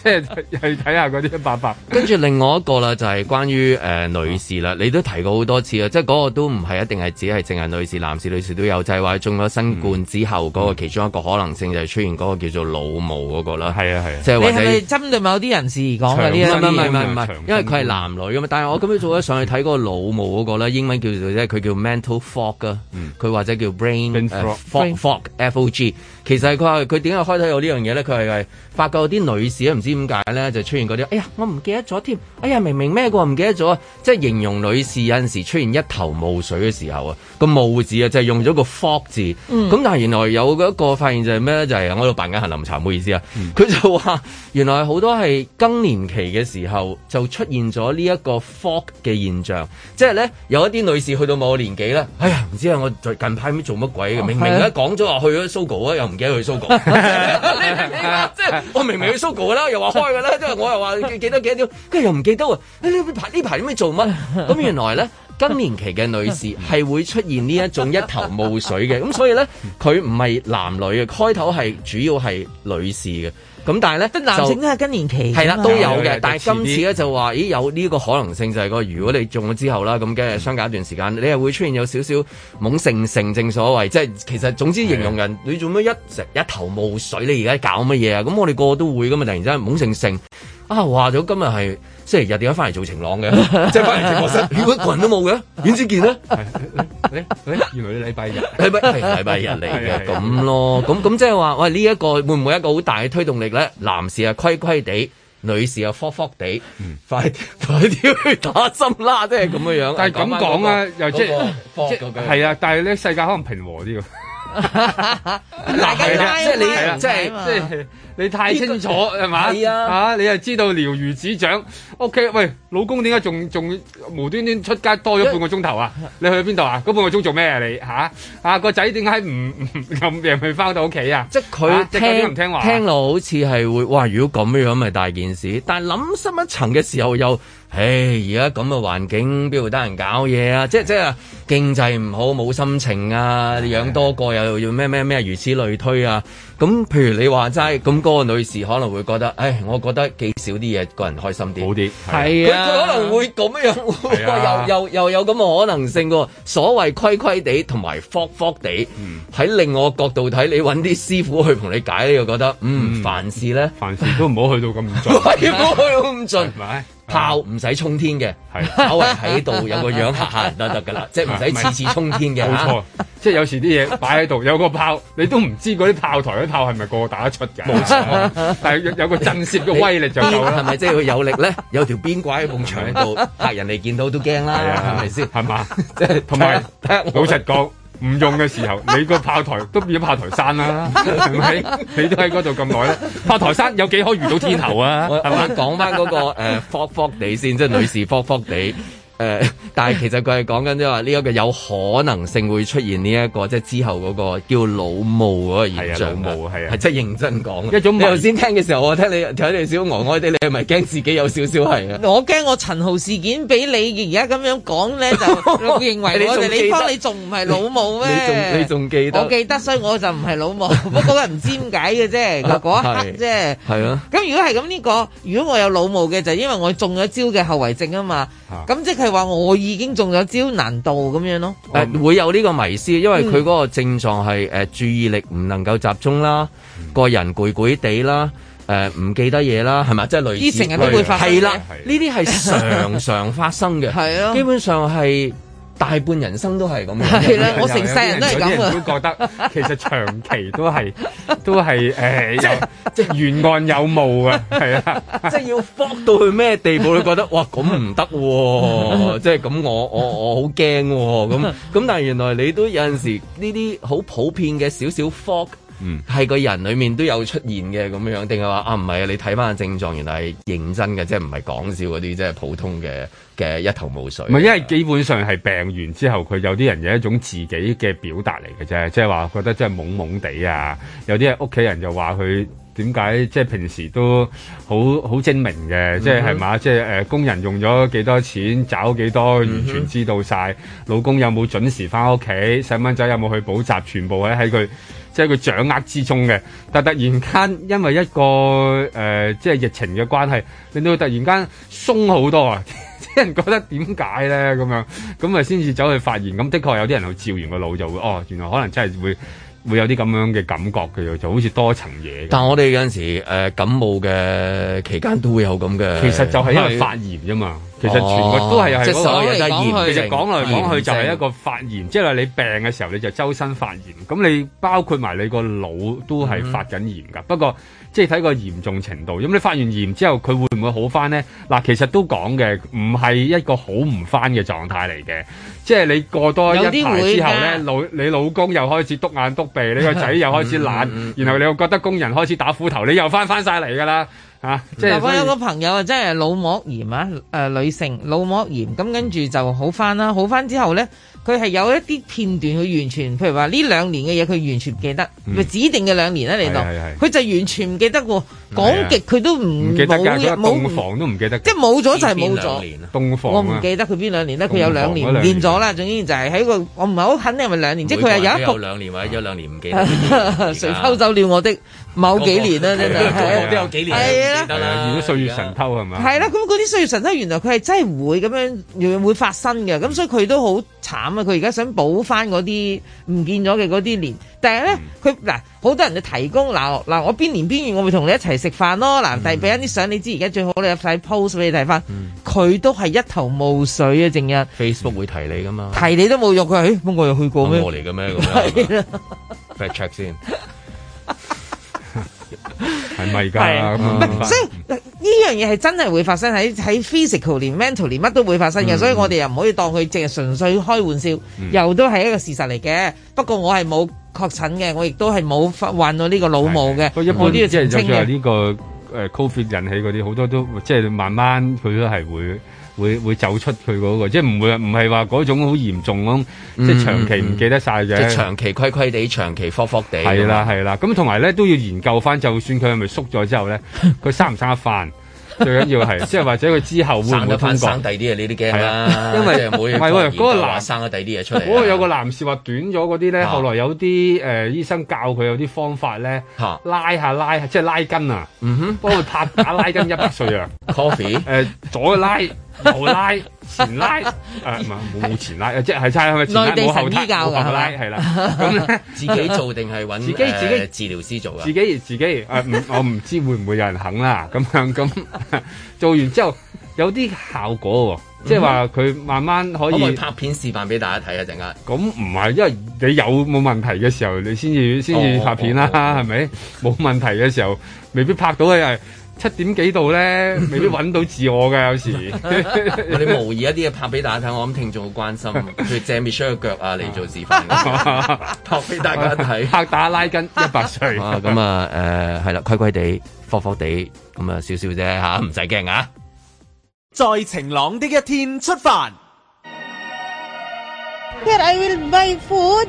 係去睇下嗰啲辦法。跟 住另外一個啦，就係關於誒女士啦，你都提過好多次啊，即係嗰個都唔係一定係。而係淨係女士、男士、女士都有，就係、是、話中咗新冠之後嗰個其中一個可能性就係出現嗰個叫做腦霧嗰個啦。係啊係啊，即、就、係、是、或者針對某啲人士而講嘅啲。唔係唔係唔係，因為佢係男女嘅嘛。但係我今日做咗上去睇嗰個腦霧嗰個咧，英文叫做咧，佢叫 mental fog 嘅，佢或者叫 brain、uh, fog fog f o g。其實佢話佢點解開睇到呢樣嘢咧？佢係發覺啲女士唔知點解咧就出現嗰啲，哎呀我唔記得咗添，哎呀明明咩喎唔記得咗，即係形容女士有陣時出現一頭霧水嘅時候啊，個霧字啊就係用咗個謬字，咁、嗯、但係原來有一個發現就係咩咧？就係、是、我喺度扮緊杏林茶唔好意思啊，佢、嗯、就話。原來好多係更年期嘅時候就出現咗呢一個 fog 嘅現象，即係咧有一啲女士去到某個年紀咧，哎呀唔知啊！我最近排咩做乜鬼嘅？明明咧講咗話去咗 Sogo 啊，又唔記得去 Sogo。 即係我明明去 Sogo 啦，又話開嘅啦，即係我又話記得幾多點，跟住又唔記得啊！呢排做乜？咁原來咧更年期嘅女士係會出現呢一種一頭霧水嘅，咁所以咧佢唔係男女嘅，開頭係主要係女士嘅。咁但係咧，男性咧係更年期，係啦都有嘅。但係今次咧就話，咦有呢個可能性就係個如果你中咗之後啦，咁梗係相隔一段時間，嗯、你係會出現有少少懵盛盛。正所謂即係其實總之形容人你做咩一直一頭霧水你，你而家搞乜嘢啊？咁我哋個個都會㗎嘛，突然之間懵盛盛，啊話咗今日係。星期日點解翻嚟做晴朗嘅？即係翻嚟直播室，連個人都冇嘅，點知件咧？係係係原來禮拜日，禮拜禮拜日嚟嘅咁咯。咁咁即係話，喂呢一個會唔會一個好大嘅推動力咧？男士啊，規規地，女士啊，科科地，快快啲去打針啦！即係咁嘅樣。嗯、但係咁講啊，又即係係啊！但係咧，世界可能平和啲㗎。大家即係你，即係即係。你太清楚係嘛，這個啊？啊，你係知道了如指掌。OK，喂，老公點解仲仲無端端出街多咗半個鐘頭啊，啊，啊？你去邊度啊？嗰半個鐘做咩啊？你嚇啊個仔點解唔唔咁夜未翻到屋企啊？即係佢聽唔、啊、聽話、啊？聽落好似係會哇！如果咁樣咪大件事。但係諗深一層嘅時候又唉，而家咁嘅環境邊度得人搞嘢啊？即係即係經濟唔好，冇心情啊！你養多個又要咩咩咩，如此類推啊！咁譬如你話齋，咁、那、嗰個女士可能會覺得，誒，我覺得幾少啲嘢，個人開心啲，好啲，係啊，佢、啊、可能會咁樣，又又又有咁嘅可能性。所謂規規地，同埋霍霍地，喺、嗯、另外個角度睇，你搵啲師傅去同你解，又覺得，嗯，嗯凡事咧，凡事都唔好去到咁盡，唔 好 去到咁盡， 炮唔使衝天嘅，係、啊，稍為，喺度有個樣嚇吓都得噶啦，即係唔使次次衝天嘅、啊，冇、啊、錯。即係有時啲嘢擺喺度，有個炮，你都唔知嗰啲炮台嗰炮係咪個打得出嘅、啊啊，但係有個震懾嘅威力就夠啦。係咪即係佢有力咧？有條邊拐，喺埲牆度，嚇人嚟見到都驚啦，係咪先？係嘛？同埋 老實講。唔用嘅時候，你個炮台都變咗炮台山啦，係 咪？你都喺嗰度咁耐啦，炮台山有幾可遇到天后啊？係嘛？講翻嗰個、呃、霍霍地先，即係女士霍霍地。誒、呃，但係其實佢係講緊，即話呢一個有可能性會出現呢、這、一個即係、就是、之後嗰個叫腦霧嗰個現象，係啊，腦霧係啊，即係、啊、認真講，一種你。你頭先聽嘅時候，我聽你睇你少戇呆啲，你係咪驚自己有少少係啊？我驚我陳豪事件俾你而家咁樣講咧，就認為我哋李芳你仲唔係腦霧咩？你仲你仲記得？我記得，所以我就唔係腦霧， 個人不過唔知點解嘅啫，嗰 一刻啫。係 咯。咁如果係咁呢個，如果我有腦霧嘅，就因為我中咗招嘅後遺症啊嘛，咁 即係。即係話、就是、我已經中咗招難度咁樣咯，誒、嗯呃、會有呢個迷思，因為佢嗰個症狀係誒注意力唔能夠集中啦、嗯，個人攰攰地啦，誒、呃、唔記得嘢啦，係咪？即係類似，成日都會發生係啦，呢啲係常常發生嘅，係 基本上係。大半人生都係咁，我成世人都咁啊！啲人，人都覺得其實長期都係 都係、呃、有，即即沿岸有霧啊，係啊， 即要 fog 到去咩地步，你覺得哇咁唔得喎，這樣不行啊、 即係咁我我我好驚喎、啊，咁咁但係原來你都有陣時呢啲好普遍嘅少少 fog。嗯，係個人裏面都有出現嘅咁樣，定係話啊唔係啊？你睇翻個症狀，原來係認真嘅，即係唔係講笑嗰啲，即係普通嘅嘅一頭霧水。唔係，因為基本上係病完之後，佢有啲人有一種自己嘅表達嚟嘅啫，即係話覺得真係懵懵地啊。有啲屋企人就話佢點解，即係平時都好好精明嘅，嗯，即係係嘛，即係誒、呃、工人用咗幾多錢，找幾多，完全知道晒，嗯。老公有冇準時翻屋企，細蚊仔有冇去補習，全部喺喺佢。即係佢掌握之中嘅，但係突然間因為一個誒、呃，即係疫情嘅關係，令到佢突然間鬆好多啊！啲人覺得點解咧咁樣？咁啊，先至走去發炎。咁的確有啲人去照完個腦就會哦，原來可能真係會會有啲咁樣嘅感覺嘅，就好似多層嘢。但係我哋有陣時、呃、感冒嘅期間都會有咁嘅，其實就係因為發炎啫嘛。其實全部都係係、哦就係就係、其實講來講去就係一個發炎，係炎症即係你病嘅時候你就周身發炎，咁你包括埋你個腦都係發緊炎噶、嗯。不過即係睇個嚴重程度，咁你發完炎之後佢會唔會好翻呢？嗱，其實都講嘅，唔係一個好唔翻嘅狀態嚟嘅，即係你過多一排之後呢，老、啊、你老公又開始篤眼篤鼻，你個仔又開始懶、嗯嗯嗯嗯嗯，然後你又覺得工人開始打斧頭，你又翻翻晒嚟噶啦。吓！嗱，我有個朋友啊，即係腦膜炎啊，誒、呃，女性腦膜炎，咁跟住就好翻啦，好翻之後咧。佢係有一啲片段，佢完全譬如話呢兩年嘅嘢，佢完全唔記得。佢、嗯、指定嘅兩年咧、啊，嚟到佢就完全唔記得喎、啊。講極佢都唔冇冇房都唔記得，得，記得，即係冇咗就係冇咗。房、啊、我唔記得佢邊兩年咧，佢、啊、有兩年變咗啦。總之就係喺個我唔係好肯定係咪兩年，即佢係有一個兩年、啊、或者有兩年唔記得，、啊記得啊。誰偷走了我的某幾年咧？真係，因都有幾年係唔、啊啊啊啊、如果歲月神偷係咪啊？係啦、啊，咁嗰啲歲月神偷原來佢係真係唔會咁樣會發生嘅，咁所以佢都好。慘啊！佢而家想補翻嗰啲唔見咗嘅嗰啲年，但係咧佢嗱好多人就提供嗱嗱我，我邊年邊月我會同你一齊食飯咯嗱，遞俾一啲相你知而家最好你入晒 post 俾你睇翻，佢、嗯、都係一頭霧水啊！成日 Facebook 會提你㗎嘛，提你都冇用佢，不、哎、我又去過咩？我嚟嘅咩咁樣，係啊 ，fact check 先。係咪噶？唔係、啊，所以呢、嗯、樣嘢係真係會發生喺喺 physical，連 mental，連乜都會發生嘅、嗯。所以我哋又唔可以當佢淨係純粹開玩笑，嗯、又都係一個事實嚟嘅。不過我係冇確診嘅，我亦都係冇患到呢個腦霧嘅。不過一般呢啲即係有住呢個 COVID 引起嗰啲，好多都即係、就是、慢慢佢都係會。會會走出佢嗰、那個，即係唔會唔係話嗰種好嚴重咁、嗯，即係長期唔記得晒嘅、嗯嗯。即係長期規規地，長期霍霍地。係啦係啦，咁同埋咧都要研究翻，就算佢係咪縮咗之後咧，佢 生唔生得翻？ 最緊要係，即係或者佢之後會唔會通過？省得翻第啲嘢，呢啲驚啦。因為唔係喎，嗰 個男生咗第啲嘢出嚟、啊。嗰、那個那個有個男士話短咗嗰啲咧， 後來有啲誒、呃、醫生教佢有啲方法咧， 拉下拉下，即係拉筋啊，嗯哼，幫佢拍打拉筋一百歲啊。Coffee， 誒、 呃、左拉。 拉啊、拉 拉後拉、前拉，誒唔係，冇前拉，即係差唔咪內地神醫拉係啦，咁自己做定係揾自己自己治療師做啊？自己、呃、自己誒、呃，我唔知會唔會有人肯啦？咁樣咁做完之後有啲效果、哦， 即係話佢慢慢可以。可唔可以拍片示範俾大家睇啊？陣間咁唔係，因為你有冇問題嘅時候你，你先至先要拍片啦、啊，係、哦、咪？冇、哦、問題嘅時候，未必拍到佢係。七點幾度咧，未必搵到自我噶， 有時我哋 模擬一啲嘢，拍俾大家睇，我諗聽眾好關心，佢 如借 Michael 嘅腳啊嚟,做示範，拍 俾大家睇， 拍打拉筋一百歲。咁 100 歲 啊，誒、啊，係、呃、啦，規規地，科科地，咁啊，少少啫吓，唔使驚啊。在晴朗的一天出發 I will make i food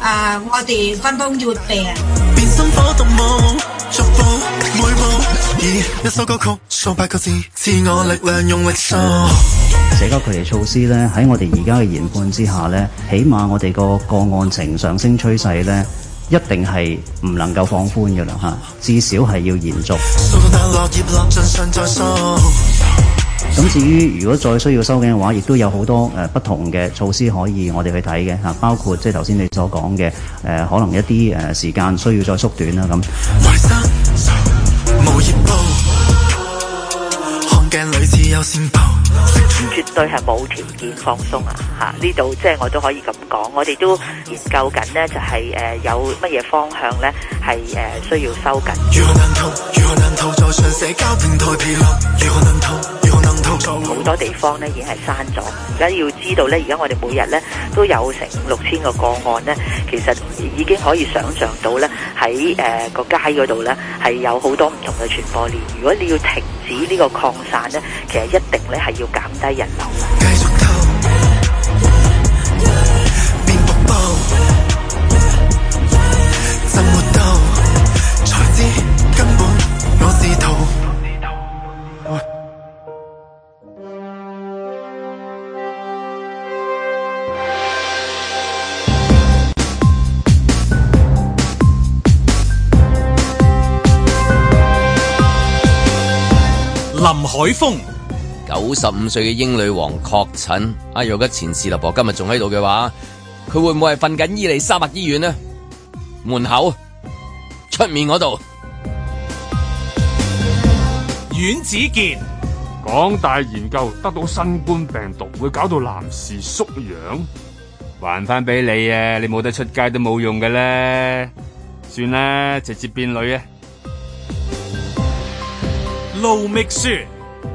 啊！我哋分崩裂地啊！社交距離措施咧，喺我哋而家嘅研判之下咧，起碼我哋個個案呈上升趨勢咧，一定係唔能夠放寬嘅啦嚇，至少係要延續。咁至於如果再需要收緊嘅話，亦都有好多、呃、不同嘅措施可以我哋去睇嘅、嚇、包括即係頭先你所講嘅、呃、可能一啲、呃、時間需要再縮短啦咁、啊。絕對係冇條件放鬆啊！嚇，呢度即係我都可以咁講，我哋都研究緊呢，就係呃有乜嘢方向咧係呃需要收緊。好多地方咧已經係閂咗，而家要知道咧，而家我哋每日咧都有成五六千個個案咧，其實已經可以想象到咧，喺誒個街嗰度咧係有好多唔同嘅傳播鏈。如果你要停止呢個擴散咧，其實一定咧係要減低人流。林海峰，九十五歲嘅英女王確診，阿若果前侍立博今日仲喺度嘅話，佢會唔會係瞓緊伊利沙伯醫院呢？門口，出面嗰度。阮子健，港大研究得到新冠病毒會搞到男士縮陽，還翻俾你啊！你冇得出街都冇用嘅呢。算啦，直接變女啊！露秘書，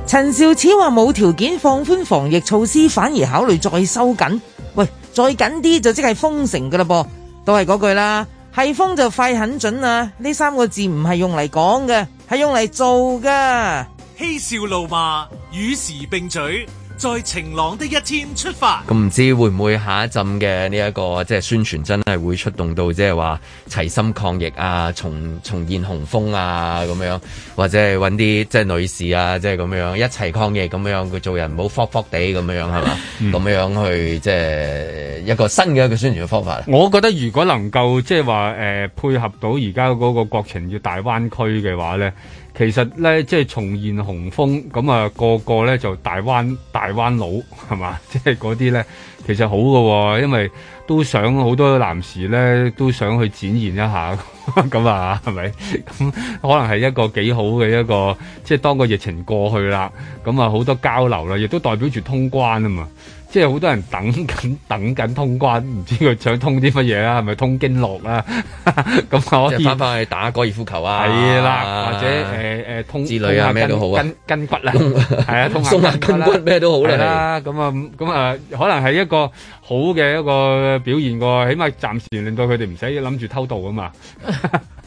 陳肇始話冇條件放寬防疫措施，反而考慮再收緊。喂，再緊啲就即係封城噶啦噃，都係嗰句啦，係封就快狠準啊！呢三個字唔係用嚟講嘅，係用嚟做噶。嬉笑怒罵，與時並舉。在晴朗的一天出發，咁唔知會唔會下一陣嘅呢一個即係宣傳真係會出動到即係話齊心抗疫啊，重重現雄風啊咁樣，或者係搵啲即係女士啊，即係咁樣一齊抗疫咁樣，佢做人唔好闕闕地咁樣係嘛，咁 樣去即係一個新嘅一個宣傳嘅方法。我覺得如果能夠即係話誒配合到而家嗰個國情要大灣區嘅話咧。其實咧，即係重現紅峰咁啊，個個咧就大灣大灣佬係嘛，即係嗰啲咧其實好噶，因為。都想好多男士咧，都想去展現一下咁啊，係咪？咁可能係一個幾好嘅一個，即係當個疫情過去啦，咁啊好多交流啦，亦都代表住通關啊嘛。即係好多人等緊等緊通關，唔知佢想通啲乜嘢啊？係咪通經絡啊？咁可以翻翻去打高爾夫球啊？係啦，或者誒誒通通下筋筋骨啊，係啊，通下筋骨咩都好啦。咁啊咁啊，可能係一個。好嘅一個表現過，起碼暫時令到佢哋唔使諗住偷渡啊嘛，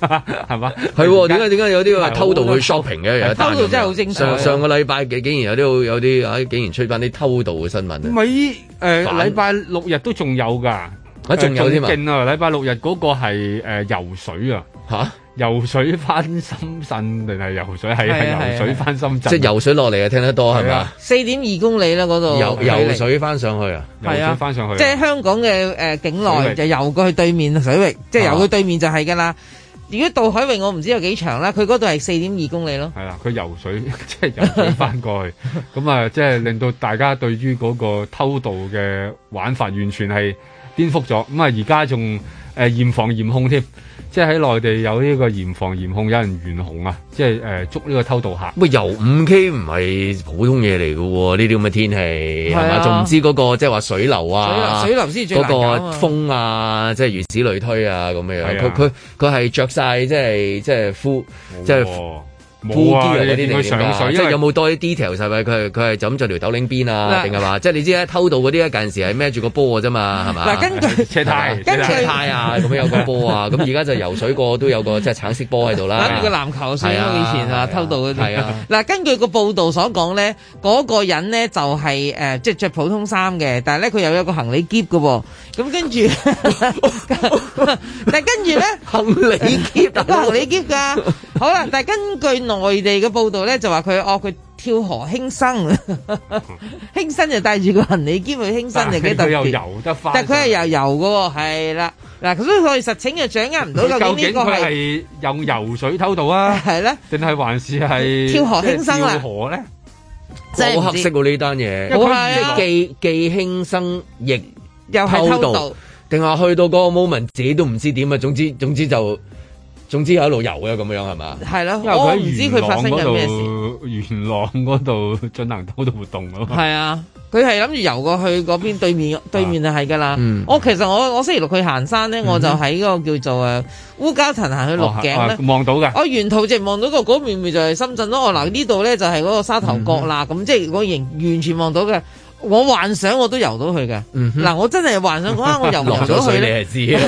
係 嘛 是吧？係點解點解有啲話偷渡去 shopping 嘅？偷渡真係好正常上。上個個禮拜竟竟然有啲有啲、啊、竟然出翻啲偷渡嘅新聞。唔係依禮拜六日都仲有㗎、呃呃，啊仲有添啊！勁啊！禮拜六日嗰個係游水啊吓游水翻深圳定係游水喺游水翻深圳？是是深圳是是是是即係游水落嚟啊，聽得多係咪啊？四點二公里啦，嗰度游游水翻上去啊，游翻上去。是上去是即係香港嘅誒境內就游過去對面水域,水域，即係游去對面就係㗎啦。如果渡海泳，我唔知有幾長啦。佢嗰度係四點二公里咯。係啦，佢游水即係游水翻過去，咁啊，即係令到大家對於嗰個偷渡嘅玩法完全係顛覆咗。咁啊，而家仲誒嚴防嚴控添。即係喺內地有呢個嚴防嚴控，有人懸紅啊！即係誒、呃、捉呢個偷渡客。喂，遊，五 K 唔係普通嘢嚟㗎喎，呢啲咁嘅天氣係嘛？仲唔、啊、知嗰、嗰個即係話水流啊、水流先最難搞啊！嗰個、風啊，即係如此類推啊，咁嘅、啊、樣。佢佢佢係着晒，即係即係呼，即係。冇、啊、上水，即係有冇多啲 detail 係咪佢？佢係就咁著條斗領邊啊？定係話？即係你知咧，偷渡嗰啲咧，近時係孭住個波㗎啫嘛，係咪？啊！咁、 啊、 有個波啊！咁而家就游水個 都有個即係橙色波喺度啦。籃球先，以前啊偷渡啲。啊！嗱、啊啊啊啊啊啊，根據個報道所講咧，嗰個人咧就即係著普通衫嘅，但係咧佢又有一個行李篋嘅咁跟住， 但係跟住咧，行李篋 個行李篋㗎好啦、 啊，但係根據內地嘅報道咧就話佢哦，佢跳河輕生，輕生就帶住個行李肩去輕生，就幾特別。但係佢又游得翻，但係佢係又游嘅，係啦。嗱，所以我哋實情就掌握唔到究竟呢個係用游水偷渡啊？係咧，定係還是係跳河輕生啦？跳河咧，好黑色呢單嘢，係啊，既既輕生亦又偷渡，定話去到個 moment 自己都唔知點啊！總之總之就。總之有一路游啊，咁樣係嘛？係咯，我唔知佢發生緊咩事。元朗嗰度，元朗嗰度進行嗰度活動咯。係啊，佢係諗住游過去嗰邊，對面、啊、對面就係噶啦。我其實我我星期六去行山咧，嗯，我就喺個叫做誒烏蛟騰行去鹿頸咧，望、啊啊啊，到噶。我沿途直望到個嗰面面就係深圳咯。哦嗱，呢度咧就係嗰個沙頭角啦。咁即係我完完全望到嘅。我幻想我都游到佢嘅，嗱、嗯、我真係幻想，哇我游唔到咗佢你係知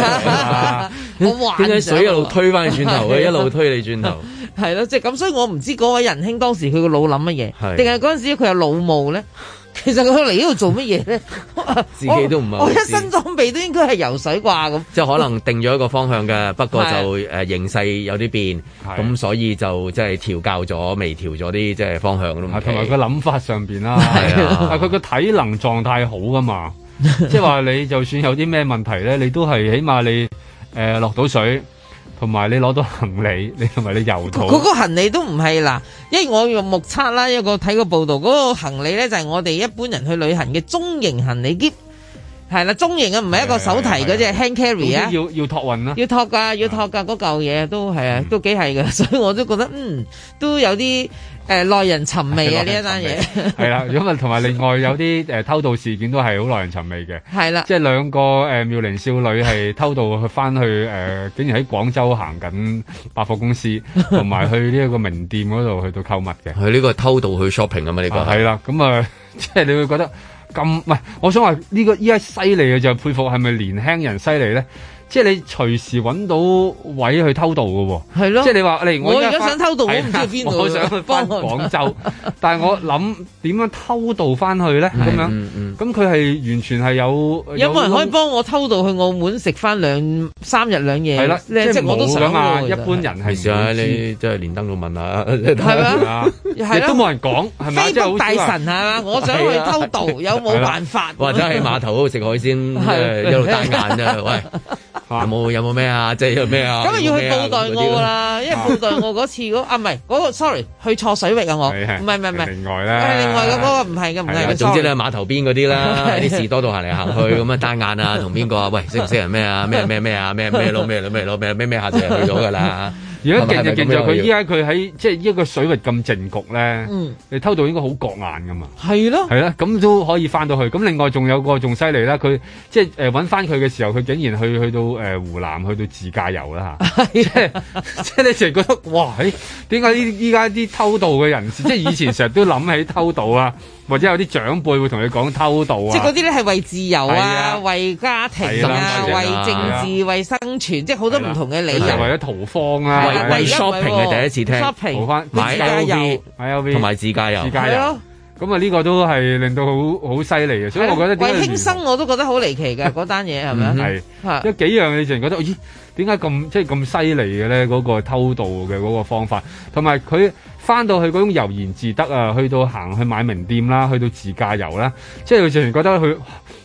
我幻想我，水一路推翻轉頭，頭，一路推你轉頭。係咯，即係咁，所以我唔知嗰位仁兄當時佢個腦諗乜嘢，定係嗰陣時佢有腦霧咧。其實佢嚟呢度做乜嘢咧？ 自己都唔係 我，我一身裝備都應該係游水啩，咁。即係可能定咗一個方向嘅，不過就誒、啊呃、形勢有啲變，咁、啊、所以就即係調校咗，微調咗啲即係方向咯、啊。同埋個諗法上邊啦。係啊，佢個、啊啊、體能狀態好噶嘛，即係話你就算有啲咩問題咧，你都係起碼你誒、呃、落到水。同埋你攞到行李，你同埋你郵筒，嗰個行李都唔係嗱，因為我用目測啦，一個睇個報道，嗰、嗰個行李咧就係我哋一般人去旅行嘅中型行李,行李篋係啦，中型嘅唔係一個手提嗰隻 hand carry 啊，要要託運啦，要託㗎，要託㗎，嗰嚿嘢都係啊、嗯，都幾係㗎。所以我都覺得嗯，都有啲誒耐人尋味啊呢一單嘢。係啦，咁啊同埋另外有啲誒、呃、偷渡事件都係好耐人尋味嘅。係啦，即係兩個誒、呃、妙齡少女係偷渡去翻去誒，竟然喺廣州行緊百貨公司，同 埋去呢一個名店嗰度去到購物嘅。佢呢、這個偷渡去 shopping 啊嘛呢個。係啦，咁啊、嗯呃、即係你會覺得。咁唔係，我想話呢個依家犀利嘅就係佩服，係咪年輕人犀利咧？即係你隨時揾到位去偷渡嘅喎、哦，係咯。即係你話，我而家想偷渡我，我唔知去邊度。我想去翻廣州， 但係我諗點樣偷渡翻去咧？咁樣，咁佢係完全係有，有冇人可以幫我偷渡去澳門食翻兩三日兩夜。係啦，即係我都想啊。一般人係想。你即係連登都問下。係嘛，係都冇人講，係 嘛，即係好大神啊！我想去偷渡，有冇辦法？或者喺碼頭度食海鮮，一路單眼啊？喂！ 有冇有冇咩啊？即係有咩啊？咁、就、啊、是、要去布袋澳噶啦，因為布袋澳嗰次嗰 啊唔係嗰個，sorry，去錯水域啊，我唔係唔係唔係。另外咧，係另外嘅嗰個唔係嘅，唔係。總之咧，碼頭邊嗰啲啦，啲 士多度行嚟行去，咁樣單眼啊，同邊個啊？喂，識唔識人咩啊？咩咩咩啊？咩咩佬咩佬咩佬咩咩下就去咗噶啦。而家勁就勁在佢依家佢喺即係呢個水域咁靜局咧，你、嗯、偷渡應該好覺眼噶嘛？係咯，係啦，咁都可以翻到去。咁另外仲有個仲犀利啦，佢即係搵返翻佢嘅時候，佢竟然去去到誒、呃、湖南去到自駕遊啦嚇。 即係即係你成日覺得哇，誒，點解依依家啲偷渡嘅人士，即係以前成日都諗起偷渡啊？ 或者有啲長輩會同你講偷渡啊，即嗰啲咧係為自由啊，啊，為家庭啊，啊為政治、啊、為生存，即好多唔同嘅理由。為咗逃荒啊，為 shopping 嘅、啊啊第，啊、第一次聽，淘翻買 LV、買 LV 同埋自駕遊，自駕遊咁啊！呢個都係令到好、好犀利嘅，所以我覺得為輕、啊、生我都覺得好離奇嘅嗰單嘢係咪啊？係、啊，有、啊、幾樣你仲覺得咦？點解咁即係咁犀利嘅咧？嗰個偷渡嘅嗰個方法，同埋佢翻到去嗰種悠然自得啊！去到行去買名店啦，去到自駕遊啦，即係佢自然覺得佢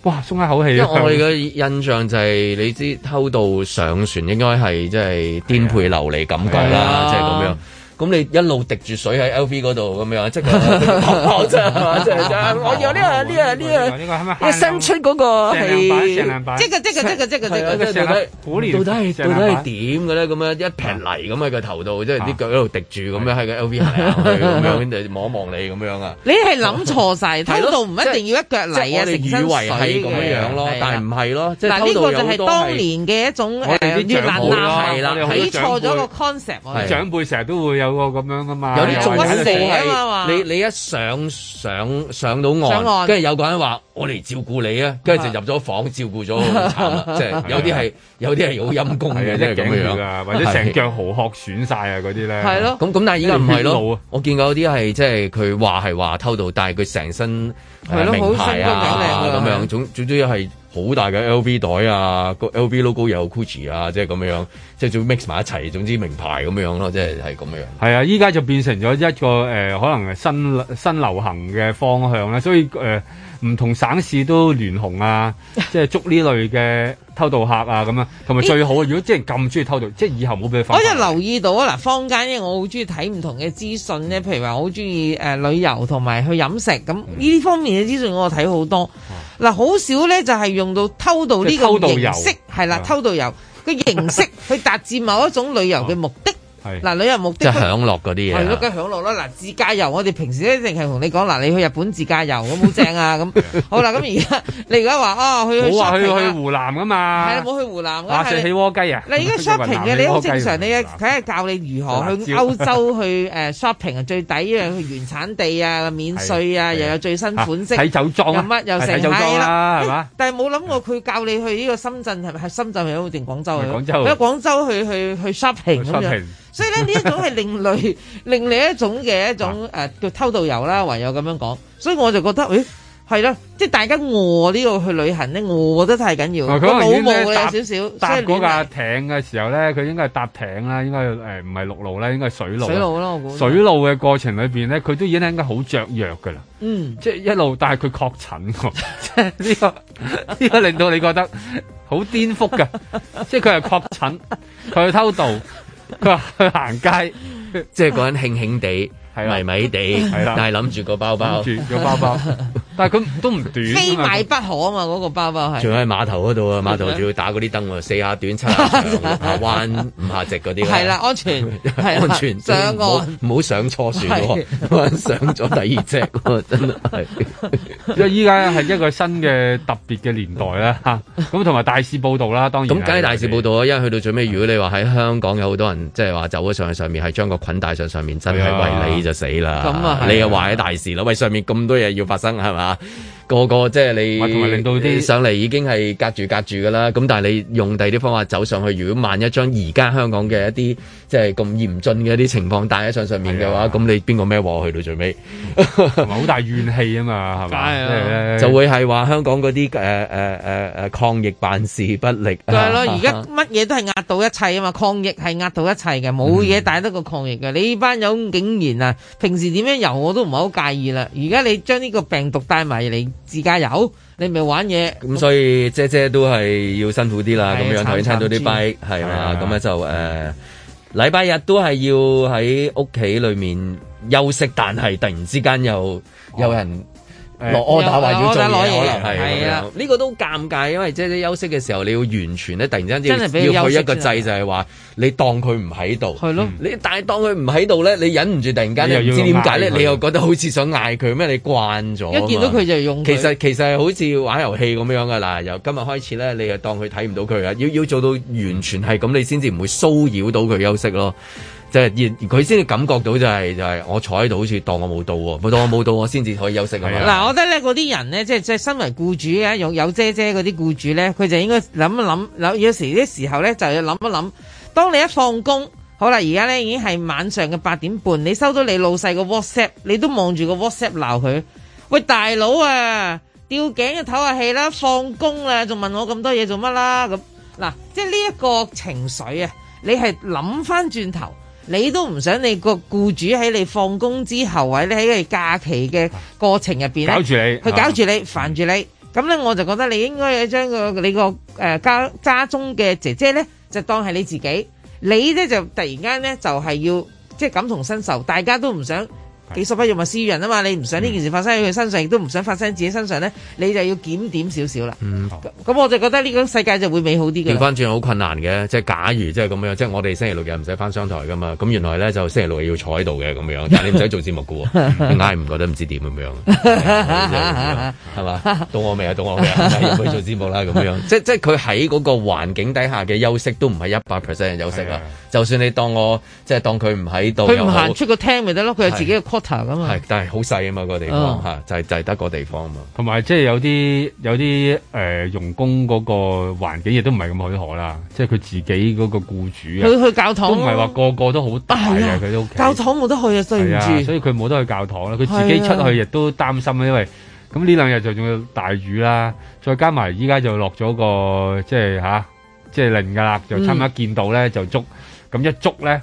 哇鬆一口氣。因為我哋嘅印象就係你知偷渡上船應該係即係顛沛流離感覺啦，即係咁樣。咁你一路滴住水喺 LV 嗰度咁樣，即係我有呢個呢個呢個即係 send 出嗰個係即係即係即係即係即係到底到底係點嘅咧？咁樣一劈泥咁喺個頭度，即係啲腳一路滴住咁樣喺個 LV 行，咁樣望一望你咁樣啊！你係諗錯晒，睇到唔一定要一腳泥啊！成身水咁樣樣咯，但係唔係咯？嗱呢個就係當年嘅一種誒，跟住啦，睇錯咗個 concept。長輩成日都會。有個咁樣噶嘛？有啲做乜嘢啊？你你一上上上到岸，跟住有個人話：我嚟照顧你啊！跟住就入咗房照顧咗， 慘了 即係有啲些係 有啲係好陰公嘅，即啲頸血啊，或者成腳豪殼損晒啊，嗰啲咧。係咯，咁咁但係而家唔係咯。我見到有啲係即係佢話係話偷渡，但係佢成身。係咯，名牌啊，咁、啊啊、樣總總之係好大嘅 LV 袋啊，個 LV logo 又有 Gucci 啊，即係咁樣樣，即係仲 mix 埋一齊，總之名牌咁樣咯，即係係咁樣。係啊，依家就變成咗一個誒、呃，可能新新流行嘅方向啦，所以誒。呃唔同省市都聯紅啊，即係捉呢類嘅偷渡客啊咁啊，同埋最好啊！如果即係咁中意偷渡，即係以後冇俾佢返。我就留意到啊！嗱，坊間因為我好中意睇唔同嘅資訊咧、嗯，譬如話我好中意旅遊同埋去飲食咁呢方面嘅資訊，我睇好多。嗱、嗯，好少咧就係用到偷渡呢個形式，係啦、嗯，偷渡遊個形式去達至某一種旅遊嘅目的。嗯嗱，旅遊目的即係享樂嗰啲嘢，係、嗯、咯，梗係享樂啦。嗱，自駕遊我哋平時一定係同你講，嗱，你去日本自駕遊，咁好正啊！咁、 嗯、好啦，咁而家你而家話啊，冇話去去，湖南噶嘛，係啦，冇去湖南。食氣鍋雞啊！嗱，而家 shopping 嘅你好正常，你睇下教你如何去歐洲去誒 shopping 啊，最抵啊去 去，去原產地啊，免稅啊，啊，啊，又有最新款式，睇、啊、酒莊乜又、啊、成。係啦、啊、係、欸、嘛？但係冇諗過佢教你去呢個深圳係咪喺深圳定廣州啊？喺廣州去去去 shopping 咁樣。所以咧呢一種係另類、另類一種嘅一種誒、啊啊、叫偷渡遊啦，唯有咁樣講。所以我就覺得，誒係啦，即係大家餓呢個去旅行咧，餓得太緊要。佢冇毛嘅有少少。搭嗰架艇嘅時候咧，佢應該係搭艇啦，應該誒唔係陸路啦，應該係水路。水路啦，我估。水路嘅過程裏面咧，佢都已經應該好雀躍噶啦。嗯。即係一路，但係佢確診喎，即係呢個呢、呢個令到你覺得好顛覆㗎。即係佢係確診，佢去偷渡。佢話 行街，即係個人興興地，迷迷地、 啊，但係諗住個包包，住個包包。 但係咁都唔短，非買不可啊嘛！嗰、嗰個包包係，仲喺碼頭嗰度啊！碼頭仲要打嗰啲燈喎，四短 下，彎下短七下長彎下直嗰啲。係 啦，安全， 安全上岸，唔好上錯船。我上咗第二隻，真係。因為依家係一個新嘅特別嘅年代啦，咁同埋大事報道啦，當然咁梗係大事報道啊，因為去到最尾，如果你話喺香港有好多人，即係話走咗上去上面，係將個捆帶上上面，真係為你就死啦。咁啊，你又話喺大事啦喂，上面咁多嘢要發生係嘛？啊。個個即係你，同埋令到啲上嚟已經係隔住隔住噶啦。咁但係你用第啲方法走上去，如果萬一將而家香港嘅一啲即係咁嚴峻嘅一啲情況帶喺上上面嘅話，咁、哎、你邊個孭喎？去到最尾，同埋好大怨氣啊嘛，係 咪？就會係話香港嗰啲誒誒誒抗疫辦事不力。係、就、咯、是，而家乜嘢都係壓倒一切啊嘛！抗疫係壓倒一切嘅，冇嘢抵得過抗疫嘅、嗯。你班友竟然啊，平時點樣游我都唔係好介意啦。而家你將呢個病毒帶埋嚟。自駕遊，你唔咪玩嘢。咁所以，姐姐都係要辛苦啲啦。咁樣頭先撐到啲 b 係啦。咁咧就誒禮拜日都係要喺屋企裏面休息，但係突然之間又有，哦、有人。落安打或者重要做落可能係，係啊，呢、這個都尷尬，因為即係你休息嘅時候，你要完全咧、嗯，突然之間要佢去一個掣，就係話你當佢唔喺度。係咯，你但係當佢唔喺度咧，你忍唔住突然間，唔知點解咧，你又覺得好似想嗌佢咩？你慣咗，一見到佢就用佢。其實其實係好似玩遊戲咁樣噶，啦由今日開始咧，你又當佢睇唔到佢啊，要要做到完全係咁，嗯、你先至唔會騷擾到佢休息咯。即係，佢先至感覺到就係就係我坐喺度，好似當我冇到喎。唔當我冇到，我先至可以休息咁樣。嗱，我覺得咧，嗰啲人咧，即係即係身為僱主嘅有有姐姐嗰啲僱主咧，佢就應該諗一諗，諗有時啲時候咧，就要諗一諗。當你一放工，好啦，而家咧已經係晚上嘅八點半，你收到你老細個 WhatsApp，你都望住個 WhatsApp 鬧佢喂大佬啊，吊頸就唞下氣啦，放工啦，仲問我咁多嘢做乜啦咁嗱，即係呢一個情緒啊，你係諗翻轉頭。你都唔想你個僱主喺你放工之後，或者喺你假期嘅過程入邊你佢搞住你，煩住你。咁呢，我就覺得你應該有將個你個誒家家中嘅姐姐呢，就當係你自己。你呢，就突然間呢，就係要即係感同身受，大家都唔想。幾十分鐘咪私人啊嘛，你唔想呢件事發生喺佢身上，亦都唔想發生喺自己身上咧，你就要檢點少少啦。咁，嗯，我就覺得呢個世界就會美好啲。調翻轉好困難嘅，即係假如即係咁樣，即係我哋星期六日唔使翻商台噶嘛，咁原來咧就星期六日要坐喺度嘅咁樣，但係你唔使做節目嘅喎，硬係唔覺得唔知點咁樣，係嘛？懂我未啊？懂我未啊？唔可以做節目啦咁樣，即係即係佢喺嗰個環境底下嘅休息都唔係一百 percent 休息啊。就算你當我即係當佢唔喺度，佢唔行出個廳咪得咯？佢有自己嘅。係，但係好細啊嘛，那個地方吓、啊，就係就係得個地方啊嘛。同埋即係有啲有啲誒，傭、呃、工嗰個環境亦都唔係咁許可啦。即係佢自己嗰個雇主啊，佢去教堂都唔係話個個都好大嘅，佢、哎、都教堂冇得去啊，對唔、啊、所以佢冇得去教堂啦，佢自己出去亦都擔心啊，啊。因為咁呢兩日就仲要大雨啦，再加埋依家就落咗個即係吓，即係令噶啦，就差唔多見到咧就捉，咁、嗯、一捉咧。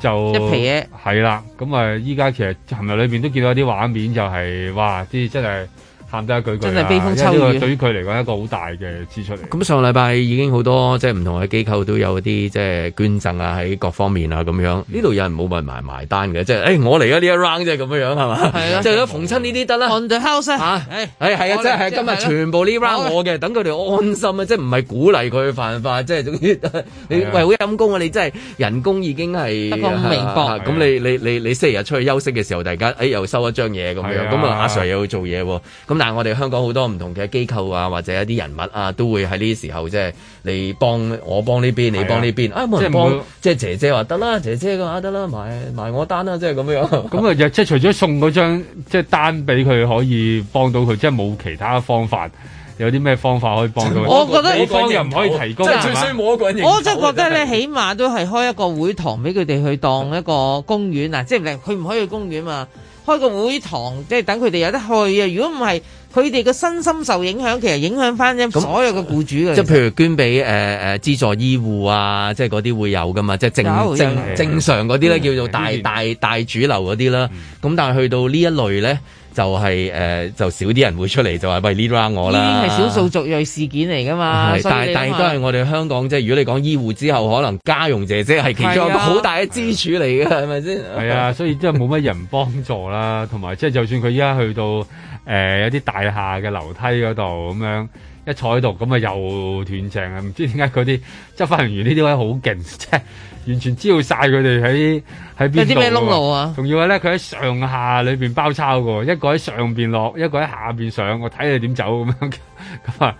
就係啦，咁啊，依家其實尋日裏面都見到一啲畫面，就係，就係哇，啲真係。喊得一句句啊！真係悲風秋雨，對於佢嚟講，一個好大嘅支出嚟。咁上個禮拜已經好多即係唔同嘅機構都有啲即係捐贈啊，喺各方面啊咁樣。呢度有人冇埋埋單嘅，即係誒、欸、我嚟咗呢一 round 係咁樣係嘛？係即係都逢親呢啲得啦。On the house 啊，係、欸欸、啊，即係今日全部呢 round 我嘅，等佢哋安心啊！即係唔係鼓勵佢犯法，即係總之、啊啊、你喂好陰功啊！你真係人工已經係明咁你你你你星期日出去休息嘅時候，大家哎，又收一張嘢咁、啊、樣，咁啊阿 Sir 又要做嘢喎、啊，咁但我哋香港好多唔同嘅機構啊，或者一啲人物啊，都會喺呢啲時候即係、就是、你幫我幫呢邊，你幫呢邊啊，冇人幫，即係姐姐話得啦，姐姐嘅話得啦，埋埋我單啦，即係咁樣。咁啊，即、就、係、是、除咗送嗰張即係、就是、單俾佢，可以幫到佢，即係冇其他方法。有啲咩方法可以幫到佢？我覺得你方又唔可以提供。即係最衰冇一個人認可，我真覺得咧，起碼都係開一個會堂俾佢哋去當一個公園啊！ 即係唔佢唔可以去公園嘛？開個會堂，即係等佢哋有得去啊！如果唔係，佢哋個身心受影響，其實影響翻所有嘅僱主嘅、呃。即係譬如捐俾誒誒資助醫護啊，即係嗰啲會有噶嘛？即係正有有正正，正常嗰啲咧，叫做大大大主流嗰啲啦。咁但係去到呢一類咧。就係、是、誒、呃，就少啲人會出嚟，就話喂 lead on 我啦。已經係少數族裔事件嚟㗎嘛。嗯、但係但係都係我哋香港，即、嗯、係如果你講醫護之後，可能家傭姐姐係其中一個好大嘅支柱嚟嘅，係咪先？係啊，所以即係冇乜人幫助啦，同埋即係就算佢依家去到誒、呃、有啲大廈嘅樓梯嗰度咁樣。一坐喺度，咁啊又斷正，啊！唔知點解嗰啲執法人員呢啲位好勁，即係完全知道晒佢哋喺喺邊度啊！有咩窿路啊！仲要係咧，佢喺上下裏面包抄嘅，一個喺上面落，一個喺下，下面上，我睇你點走咁樣咁啊！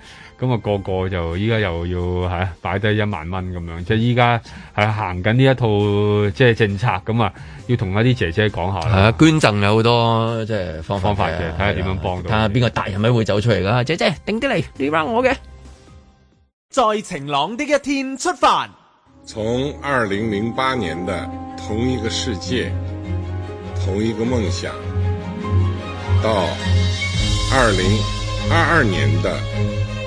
咁啊，個個就依家又要吓，擺、啊、低一萬蚊咁樣，即係依家係行緊呢一套即係政策，咁啊，要同一啲姐姐講下。係啊，捐贈有好多即係方方法嘅，睇下點樣幫到。睇下邊個大人咪會走出嚟噶，姐姐，頂啲嚟，你拉我嘅。在晴朗的一天出發。從二零零八年嘅《同一個世界、同一個夢想，到二零二二年嘅。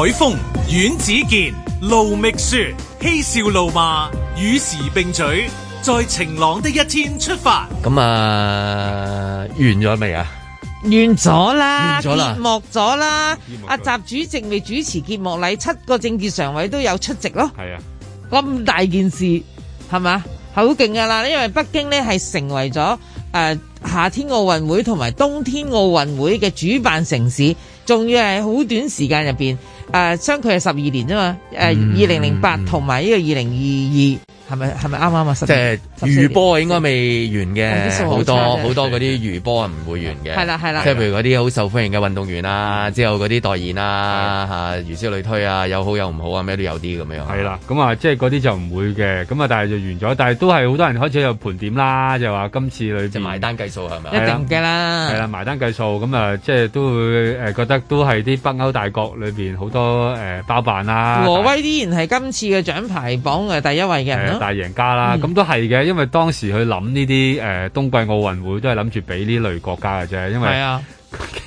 海風遠子健、路覓雪嬉笑怒罵與時並舉，在晴朗的一天出發。咁啊，完咗未啊？完咗啦，完咗結咗啦。阿習主席未主持節目禮，七個政治常委都有出席咯。係啊，咁大件事係嘛，好勁噶啦。因為北京呢係成為咗誒、呃、夏天奧運會同埋冬天奧運會嘅主辦城市，仲要係好短時間入邊。誒、uh,，相距係十二年啫嘛？誒、就是，二零零八同埋呢個二零二二，係咪係咪啱啱啊？即係餘波應該未完嘅，好、嗯、多好多嗰啲餘波唔會完嘅。係啦係啦，即係、就是、譬如嗰啲好受歡迎嘅運動員啊，之後嗰啲代言啊，如此類推啊，有好有唔好啊，咩都有啲咁樣。係啦，咁啊，即係嗰啲就唔會嘅，咁啊，但係就完咗，但係都係好多人開始有盤盤點啦，就話今次裏邊、就是、埋單計數係咪？一定嘅啦，係啦，埋單計數咁啊，即係都會誒覺得都係啲北歐大國裏邊好多。個誒、呃、包辦啦，挪威依然係今次嘅獎牌榜嘅第一位嘅，呃，大贏家啦。咁都係嘅，因為當時佢諗呢啲誒冬季奧運會都係諗住俾呢類國家嘅啫，因為，係啊。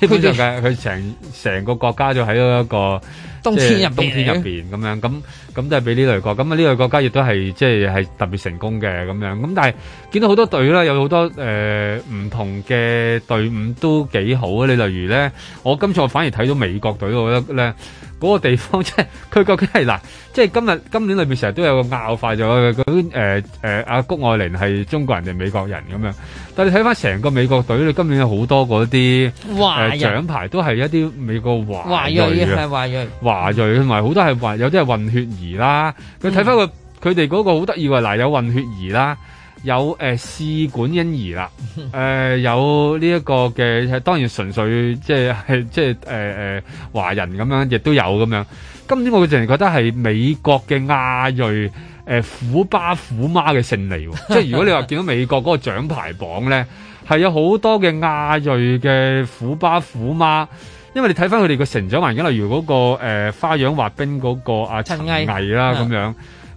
基本上嘅，佢成成個國家就喺咗一個冬天入邊嘅，冬天入邊咁樣咁咁都係俾呢類國咁啊，呢類國家亦都係即係係特別成功嘅，咁樣咁，但係見到好多隊啦，有好多誒唔同嘅隊伍都幾好啊！你例如咧，我今次我反而睇到美國隊，我覺得咧嗰個地方即係佢究竟係嗱，即係今日今年裏邊成日都有個拗化咗嘅嗰啲誒誒阿谷愛凌係中國人定美國人咁樣。但你睇翻成個美國隊，你今年有好多嗰啲華人、呃、獎牌，都係一啲美國華裔，係華裔，華裔，華裔同埋好多係華有啲係混血兒啦。佢睇翻佢佢哋嗰個好得意喎，嗱有混血兒啦，有誒試管嬰兒啦，誒、 呃、有呢一個嘅，當然純粹即係即係誒誒華人咁樣，亦都有咁樣。今年我淨係覺得係美國嘅亞裔。誒、呃、虎爸虎媽嘅勝利喎，即係如果你話見到美國嗰個獎牌榜咧，係 有好多嘅亞裔嘅虎爸虎媽，因為你睇返佢哋嘅成長環境，例如嗰、那個、呃、花樣滑冰嗰個阿、啊、陳巍啦咁樣。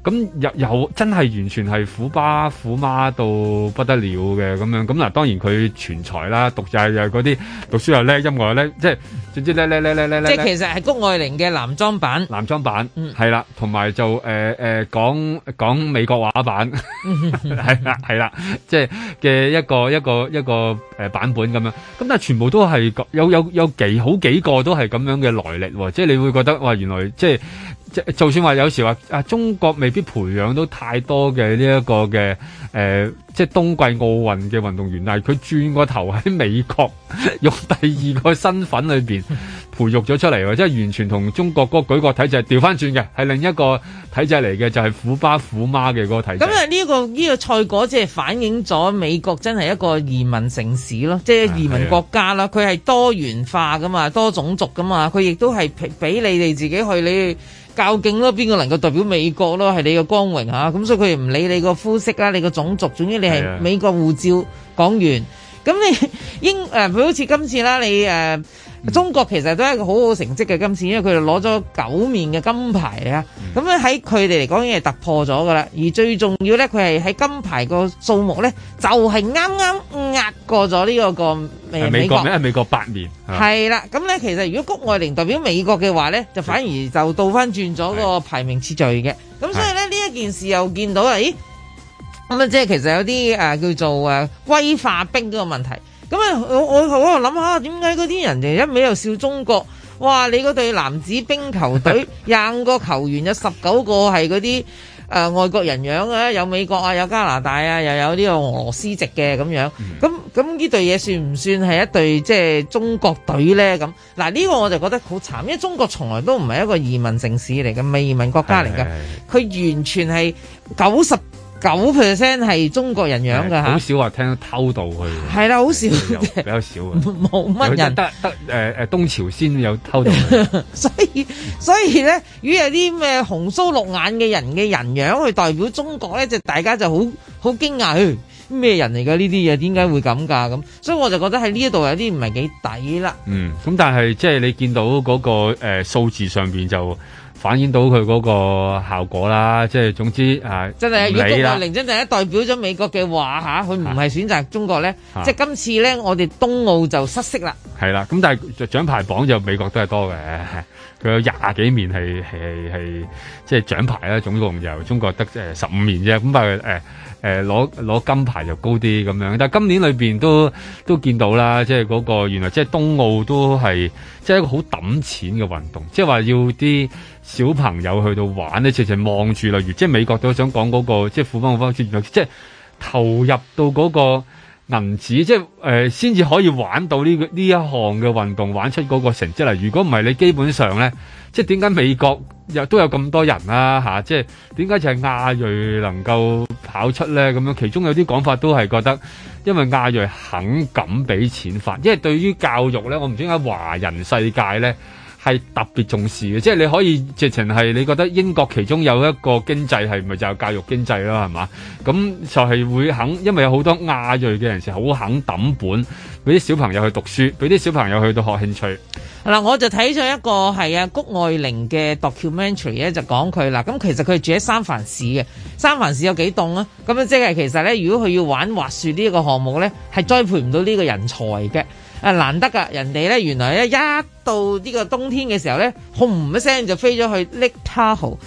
咁又又真係完全係虎爸虎媽到不得了嘅咁樣，咁嗱當然佢全才啦，讀就係就係嗰啲讀書又叻，音樂又叻，就是，即係總之叻叻叻叻叻即係其實係谷愛玲嘅男裝版，男裝版，係、嗯、啦，同埋就誒誒、呃呃、講講美國話版，係啦係啦，即係嘅一個一個一個誒、呃、版本咁樣，咁但係全部都係有有有幾好幾個都係咁樣嘅來歷喎、哦，即、就、係、是、你會覺得哇、呃、原來即係。就是即就算話有時話啊，中國未必培養到太多嘅呢一個嘅誒、呃，即係冬季奧運嘅運動員，但係佢轉個頭喺美國用第二個身份裏邊培育咗出嚟 即係完全同中國嗰個舉國體制調翻轉嘅，係另一個體制嚟嘅，就係、是、虎爸虎媽嘅嗰個體制。咁啊、這個，呢、這個呢個賽果即係反映咗美國真係一個移民城市咯，即係移民國家啦，佢係多元化噶嘛，多種族噶嘛，佢亦都係俾你哋自己去你。究竟咯，邊個能夠代表美國咯？係你嘅光榮。咁所以佢唔理你個膚色啦，你個種族，總之你係美國護照港元。講完，咁你英誒，佢好似今次啦，你誒。呃嗯、中國其實都係一個好好成績嘅今次，因為佢哋攞咗九面嘅金牌啊！咁咧喺佢哋嚟講，已經係突破咗噶啦。而最重要咧，佢係喺金牌個數目咧，就係啱啱壓過咗呢、這個個美、呃、美國咧，美國八面。係啦，咁、嗯、咧其實如果谷愛玲代表美國嘅話咧，就反而就倒翻轉咗個排名次序嘅。咁所以咧呢這一件事又見到啊，咦咁啊，即係其實有啲誒、啊、叫做誒歸、啊、化兵嗰個問題。咁啊！我我我又諗下，點解嗰啲人就一味又笑中國？哇！你嗰隊男子冰球隊廿五個球員有十九個係嗰啲誒外國人樣嘅，有美國啊，有加拿大啊，又有呢個俄羅斯籍嘅咁樣。咁咁呢隊嘢算唔算係一隊即係中國隊呢？咁嗱呢個我就覺得好慘，因為中國從來都唔係一個移民城市嚟嘅，未移民國家嚟嘅，佢 完全係九十九 percent 係中國人樣㗎，好少話聽到偷渡去。係啦，好少有，比較少，冇 乜人得得誒誒、呃，東朝鮮有偷渡 所、所以所以咧，如果啲咩紅鬚綠眼嘅人嘅人樣去代表中國咧，就大家就好好驚訝，去咩、欸、人嚟噶？呢啲嘢點解會咁噶？咁所以我就覺得喺呢一度有啲唔係幾抵啦。嗯，咁但係即係你見到嗰、那個誒數、呃、字上邊就。反映到佢嗰個效果啦，即係總之啊，真係如果谷愛凌真係代表咗美國嘅話嚇，佢唔係選擇中國咧、啊，即係今次咧，我哋冬奧就失色啦。係、啊、啦，咁但係獎牌榜就美國都係多嘅，佢有廿幾面係係係即係獎牌啦，總共由中國得十五面啫，咁但係誒攞攞金牌就高啲咁樣，但係今年裏邊都都見到啦，即係嗰個原來即係冬奧都係即係一個好揼錢嘅運動，即係話要啲小朋友去到玩咧，直情望住，例如即係美國都想講嗰個即係富邦嘅方式，原來即係投入到嗰個銀紙，即係誒先至可以玩到呢個呢一項嘅運動，玩出嗰個成績嚟。如果唔係，你基本上咧，即係點解美國？又都有咁多人啦、啊、吓、啊，即係點解就係亞裔能夠跑出呢？咁樣？其中有啲講法都係覺得，因為亞裔肯咁俾錢返，因為對於教育呢，我唔知點解華人世界呢係特別重視嘅，即係你可以直情係你覺得英國其中有一個經濟係咪就係教育經濟啦係嘛？咁就係會肯，因為有好多亞裔嘅人士好肯抌本。俾啲小朋友去讀書，俾啲小朋友去到學興趣。嗱，我就睇咗一個係阿、啊、谷愛玲嘅 documentary 咧，就講佢啦。咁其實佢住喺三藩市嘅，三藩市有幾凍啊？咁即係其實咧，如果佢要玩滑雪呢一個項目咧，係栽培唔到呢個人才嘅。啊，難得噶，人哋咧原來咧一到呢個冬天嘅時候咧，轟、嗯、唔一聲就飛咗去 Lake Tahoe，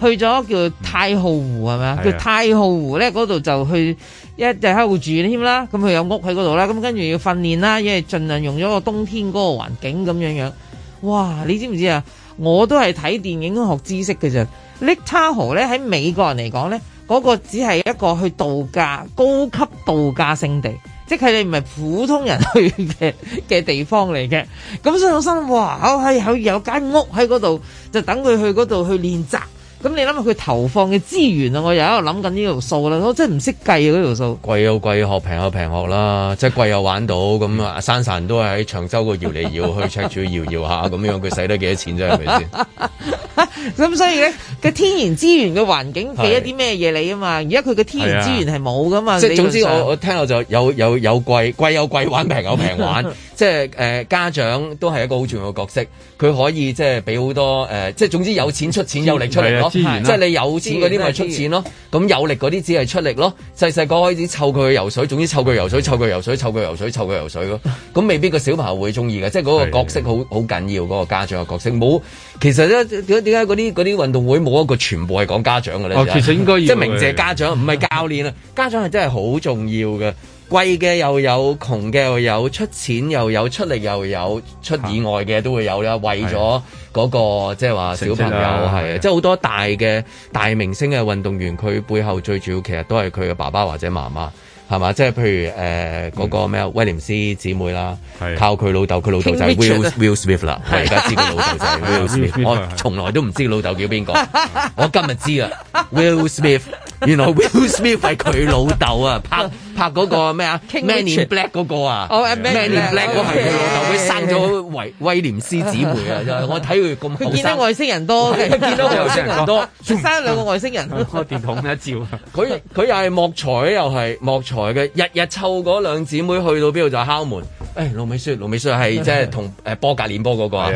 去咗叫太浩湖係咪啊？叫太浩湖咧嗰度就去。一隻喺度住添啦，咁佢有屋喺嗰度啦，咁跟住要訓練啦，因為盡量用咗個冬天嗰個環境咁樣樣。哇！你知唔知啊？我都係睇電影學知識嘅啫。Lake Tahoe 咧喺美國人嚟講咧，嗰、那個只係一個去度假高級度假勝地，即係你唔係普通人去嘅嘅地方嚟嘅。咁所以我心話，好係好有間屋喺嗰度，就等佢去嗰度去練習，咁你諗下佢投放嘅資源啊，我又喺度諗緊呢條數啦，我真係唔識計啊嗰條數。貴有貴學，平有平學啦，即係貴又玩到，咁 啊，珊都係喺長洲個搖嚟搖去 check 住搖搖下，咁樣佢使得幾多錢啫，係咪先？咁所以咧，個天然資源嘅環境俾一啲咩嘢你啊嘛？而家佢嘅天然資源係冇噶嘛？即係總之，我我聽到就有有有貴貴有貴玩，平有平玩， 即係誒、呃、家長都係一個好重要嘅角色，佢可以即係俾好多誒，即係、呃、總之有錢出錢，有力出力 啊、即係你有錢嗰啲咪出錢咯，咁、啊、有力嗰啲只係出力咯。細細個開始湊佢去游水，總之湊佢游水，湊佢游水，湊佢游水，湊佢游水咯。咁 未必個小朋友會中意嘅，即係嗰個角色好好緊要嗰個家長嘅角色。冇其實咧點解點解嗰啲嗰啲運動會冇一個全部係講家長嘅咧？其實應該要 即係明謝家長，唔係教練啊，家長係真係好重要嘅。貴嘅又有，窮嘅又有，出錢又有，出力又有，出意外嘅都會有啦、啊。為咗嗰、那個即係話小朋友係、啊，即係好多大嘅大明星嘅運動員，佢背後最主要其實都係佢嘅爸爸或者媽媽，係嘛？即係譬如誒嗰、呃那個咩、嗯、威廉斯姊妹啦，靠佢老豆，佢老豆就係 Will, Will Smith 啦。我而家知佢老豆就係 Will Smith， 我從來都唔知老豆叫邊個， 我今日知啦 ，Will Smith，原來 Will Smith 係佢老豆啊！拍。拍嗰個咩啊？Men in Black 嗰個啊，Men in Black 嗰個係佢老豆，佢生咗威威廉斯姊妹啊！我睇佢咁，佢見到外星人多，佢見到外星人多，仲生兩個外星人。個電筒一照，佢佢又係莫才，又係莫才嘅，日日湊嗰兩姊妹去到邊度就敲門。誒，盧美雪，盧美雪係即係同誒波格連波嗰個啊。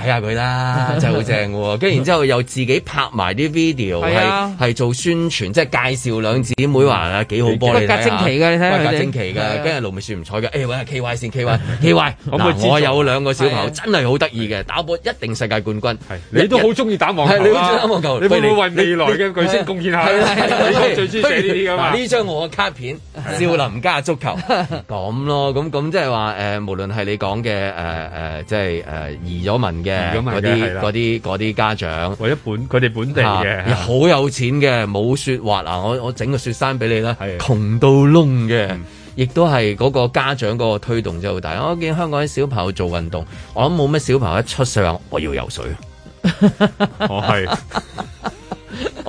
睇下佢啦，真係好正嘅喎。跟住然之後又自己拍埋啲 video，係 係做宣傳，即、就、係、是、介紹兩姊妹話 啊幾好波嚟嘅，真、哎、係。真係嘅，跟住路未算唔錯嘅。誒揾下 K Y 先 K Y，K Y。我有兩個小朋友真，真係好得意嘅，打波一定世界冠軍。啊、你都好中意打網球、啊啊你，你好意打會唔會為未來嘅巨星貢獻下？ 係啊，最中意呢啲張我嘅卡片，少林家足球。咁 咯，咁咁即係話誒，無論係你講嘅誒誒，即係誒、呃、移咗民。嘅嗰啲嗰啲嗰啲家長，我一本佢哋本地嘅，好有錢嘅，冇雪滑。啊！我我整個雪山俾你啦，窮到窿嘅，亦都係嗰個家長嗰個推動真係好大。我見香港啲小朋友做運動，我諗冇乜小朋友一出世話我要游水，我係。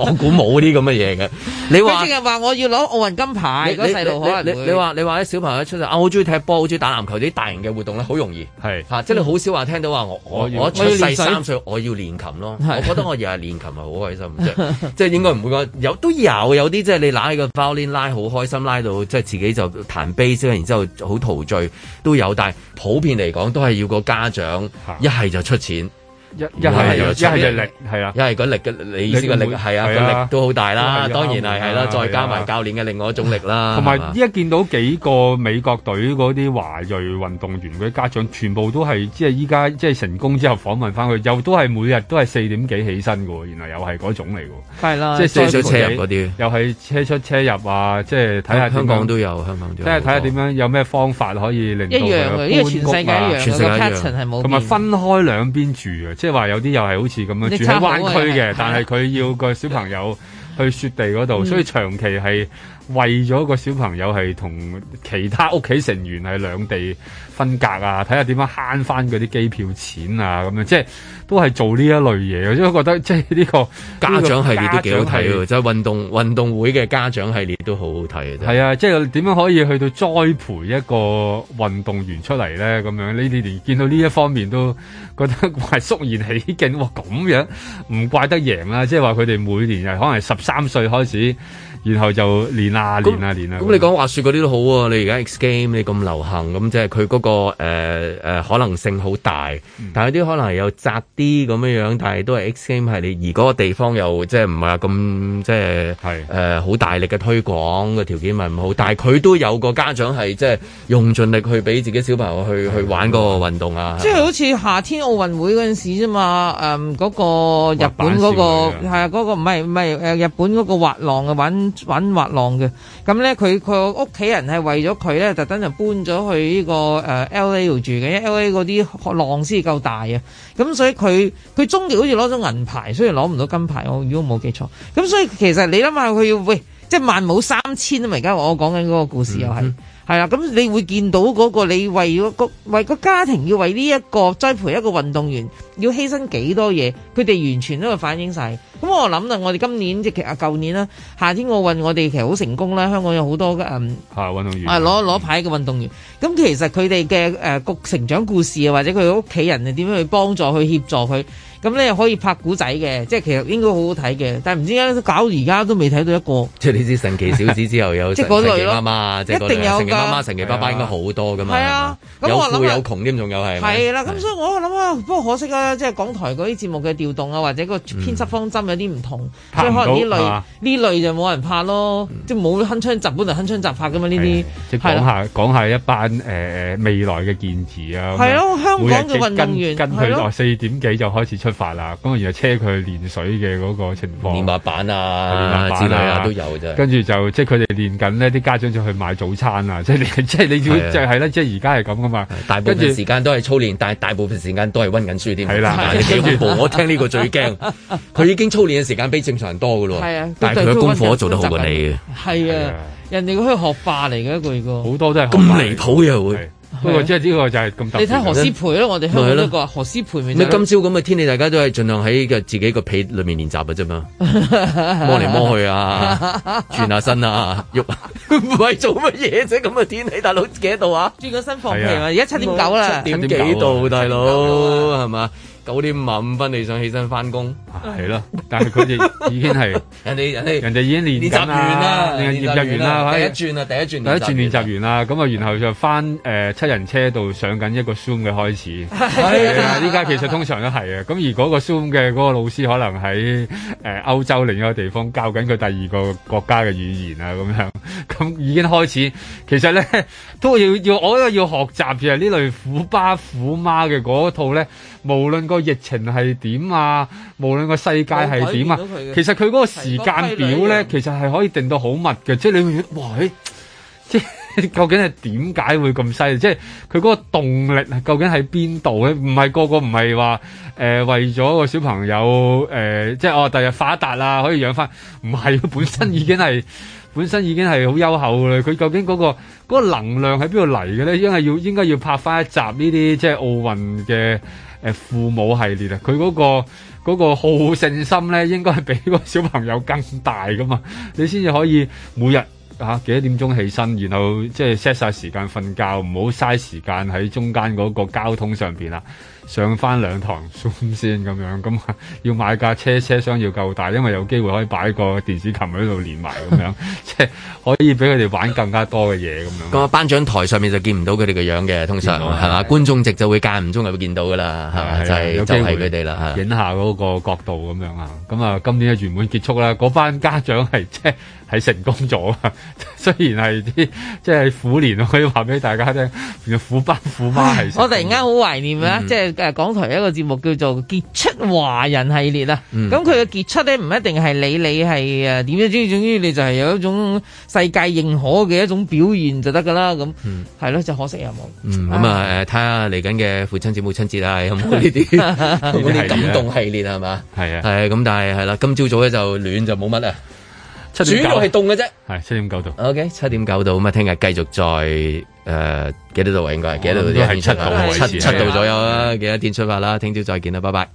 我估冇啲咁嘅嘢嘅，你話啲人話我要攞奧運金牌嗰細路，可能你你話你話啲小朋友出世啊，好中意踢波，好中意打籃球啲大型嘅活動咧，好容易係、啊、即係你好少話聽到話我我，我出世三歲我要練琴咯，我覺得我日日練琴係好開心， 就是、即係即係應該唔會㗎，有都有有啲即係你拿起個 violin 拉好開心，拉到即係自己就彈 bass 然之後好陶醉都有，但係普遍嚟講都係要個家長一係就出錢。一一係一係力，係啊！一係嗰力嘅，你意思嘅力係啊，個、啊啊、力都好大啦。啊、當然係係啦，再加埋教練嘅另外一種力啦。同埋一見到幾個美國隊嗰啲華裔運動員嘅家長，全部都係即係依家即係成功之後訪問翻佢，又都係每日都係四點幾起身嘅喎。原來又係嗰種嚟嘅，啦、啊，即係車車入嗰啲，又係車出車入啊！即係睇下香港都有，香港都有即係睇下點樣有咩方法可以令到。一樣嘅，因為全世界一樣嘅同埋分開兩邊住、啊即係話有啲又係好似咁樣住喺灣區嘅，但係佢要個小朋友去雪地嗰度，所以長期係。為咗個小朋友係同其他屋企成員係兩地分隔啊，睇下點樣慳翻嗰啲機票錢啊，咁樣即係都係做呢一類嘢。我覺得即、這個、係呢個家，家，、就是、家長系列都幾好睇，即係運動運動會嘅家長系列都好好睇。係啊，即係點樣可以去到栽培一個運動員出嚟咧？咁樣呢？你連見到呢一方面都覺得係肅 然起敬。哇，咁樣唔怪得贏啦、啊！即係話佢哋每年係可能十三歲開始。然後就練啊練啊練啊，練啊，練啊！咁你講話說嗰啲都好啊！你而家 X game 你咁流行，咁即係佢嗰個誒誒、呃、可能性好大，但係啲可能又窄啲咁樣樣，但係都係 X game 係你而嗰個地方又即係唔係話咁即係係誒好大力嘅推廣嘅條件咪唔好，但係佢都有個家長係即係用盡力去俾自己小朋友去去玩嗰個運動啊！即、就、係、是、好似夏天奧運會嗰陣時啫嘛，誒、嗯、嗰、那個日本嗰、那個係啊嗰個唔係唔係誒日本嗰個滑浪嘅玩。玩滑浪嘅，咁咧佢佢屋企人係為咗佢咧，特登就搬咗去呢個誒 L A 度住嘅，因為 L A 嗰啲浪先夠大啊，咁所以佢佢終於好似攞咗銀牌，雖然攞唔到金牌，我如果冇記錯，咁所以其實你諗下佢要喂，即係萬冇三千啊嘛，而家我講緊嗰個故事又係。嗯係啦，咁你會見到嗰、那個你為個為個家庭要為呢、這、一個栽培一個運動員，要犧牲幾多嘢，佢哋完全都係反映晒。咁我諗啦，我哋今年即係其實舊年啦，夏天奧運我哋其實好成功啦，香港有好多嘅嗯，係運動員，係攞攞牌嘅運動員。咁、嗯、其實佢哋嘅誒個成長故事啊，或者佢屋企人係點樣幫去幫助去協助佢。咁你又可以拍古仔嘅，即係其實應該好好睇嘅。但唔知點解都搞而家都未睇到一個。即係知《神奇小子》之後有神 即係嗰類，神奇媽媽、神、啊、奇爸爸應該好多噶嘛。係啊，我有富有窮添，仲有係。係啦，咁所以我諗啊，不過可惜啊，即係港台嗰啲節目嘅調動啊，或者個編輯方針有啲唔同，即、嗯、以可能呢類呢、嗯、類就冇人拍咯，即冇鏗鏘集本就鏗鏘集拍噶嘛呢啲、嗯。即講講下講下一班未來嘅建設啊。係咯，香港嘅運動員係來四點幾就開始出法啦，咁啊，然後車佢去練水嘅嗰個情況，練滑板啊、滑板啊，啊，啊都有啫。跟住就即係佢哋練緊呢啲家長就去買早餐啊，即係即係你，就係啦，即係而家係咁噶嘛。大部分時間都係操練，但係大部分時間都係溫緊書添。係啦、啊，跟住、啊啊、我聽呢個最驚，佢、啊、已經操練嘅時間比正常人多噶咯。係啊，啊，啊，但係佢嘅功課做得好過你。係啊，啊，、這個、啊，人哋嗰學霸嚟嘅一個，好多都係咁離譜嘅、啊啊、會。是啊、不過即係呢個就係咁特別。你睇何詩蓓咯，我哋香港個何詩蓓。你今朝咁嘅天氣，大家都係盡量喺嘅自己個被裏面練習嘅啫嘛， 摸嚟摸去啊，轉 下身啊，喐 啊，唔係做乜嘢啫？咁嘅天氣，大佬幾度啊？轉個身放平啊。而家七點九啦，七點幾度，大佬係嘛？九點五十五分，你想起身翻工？係 咯，但係佢哋已經係人哋人哋人哋已經練習完啦、啊，練習完啦、啊啊，第一轉啊，第一轉，第一轉練習完啦、啊，咁啊，然後就返誒、呃、七人車度上緊一個 zoom 嘅開始，係 啊是的，依 家其實通常都係啊，咁 而嗰個 zoom 嘅嗰個老師可能喺誒歐洲另一個地方教緊佢第二個國家嘅語言啊，咁樣咁已經開始，其實咧都要要我都要學習，嘅呢類虎爸虎媽嘅嗰套咧。無論個疫情係點啊，無論個世界係點啊，其實佢嗰個時間表咧，其實係可以定到好密嘅。即係你會哇，即係究竟係點解會咁犀利？即係佢嗰個動力究竟喺邊度咧？唔係個個唔係話誒為咗個小朋友誒、呃，即係哦第日發達啊，可以養翻唔係本身已經係 本身已經係好優厚嘅。佢究竟嗰、嗰個嗰個能量喺邊度嚟嘅咧？因為要應該要拍翻一集呢啲即係奧運嘅。誒父母系列啊，佢嗰個嗰個好勝心咧，應該係比個小朋友更大噶嘛，你先至可以每日嚇、啊、幾多點鐘起身，然後即係 set 晒時間瞓覺，唔好嘥時間喺中間嗰個交通上邊啦。上翻兩堂 zoom 先咁樣，咁要買架車車箱要夠大，因為有機會可以擺個電子琴喺度練埋咁 樣，即、就、係、是、可以俾佢哋玩更加多嘅嘢咁樣。咁啊，頒獎台上面就見唔到佢哋嘅樣嘅，通常係嘛、嗯？觀眾席就會間唔中就會見到噶啦，係就係有機會佢哋啦，影下嗰個角度咁樣啊。咁啊，今年嘅圓滿結束啦，嗰班家長係即係。係成功咗啊！雖然係啲即係苦年，我可以話俾大家聽，苦爸苦媽係。我突然間好懷念啊、嗯！即係誒港台一個節目叫做《傑出華人》系列啦。咁佢嘅傑出咧，唔一定係你你係誒點樣，總之總之你就係有一種世界認可嘅一種表現就得噶啦。咁係咯，就可惜又冇。咁、嗯嗯、啊睇、嗯、下嚟緊嘅父親節、母親節啊， 有冇呢啲呢啲感動系列係嘛？係 啊，咁，但係係啦，今朝早咧就暖就冇乜啦。主要係凍嘅啫，係七點九度。OK，七點九度咁、呃、啊，聽日繼續再誒，幾多度啊？應該係幾多度？七度左右啦，晴朗嘅一天出發啦，聽朝、啊、再見啦，拜拜。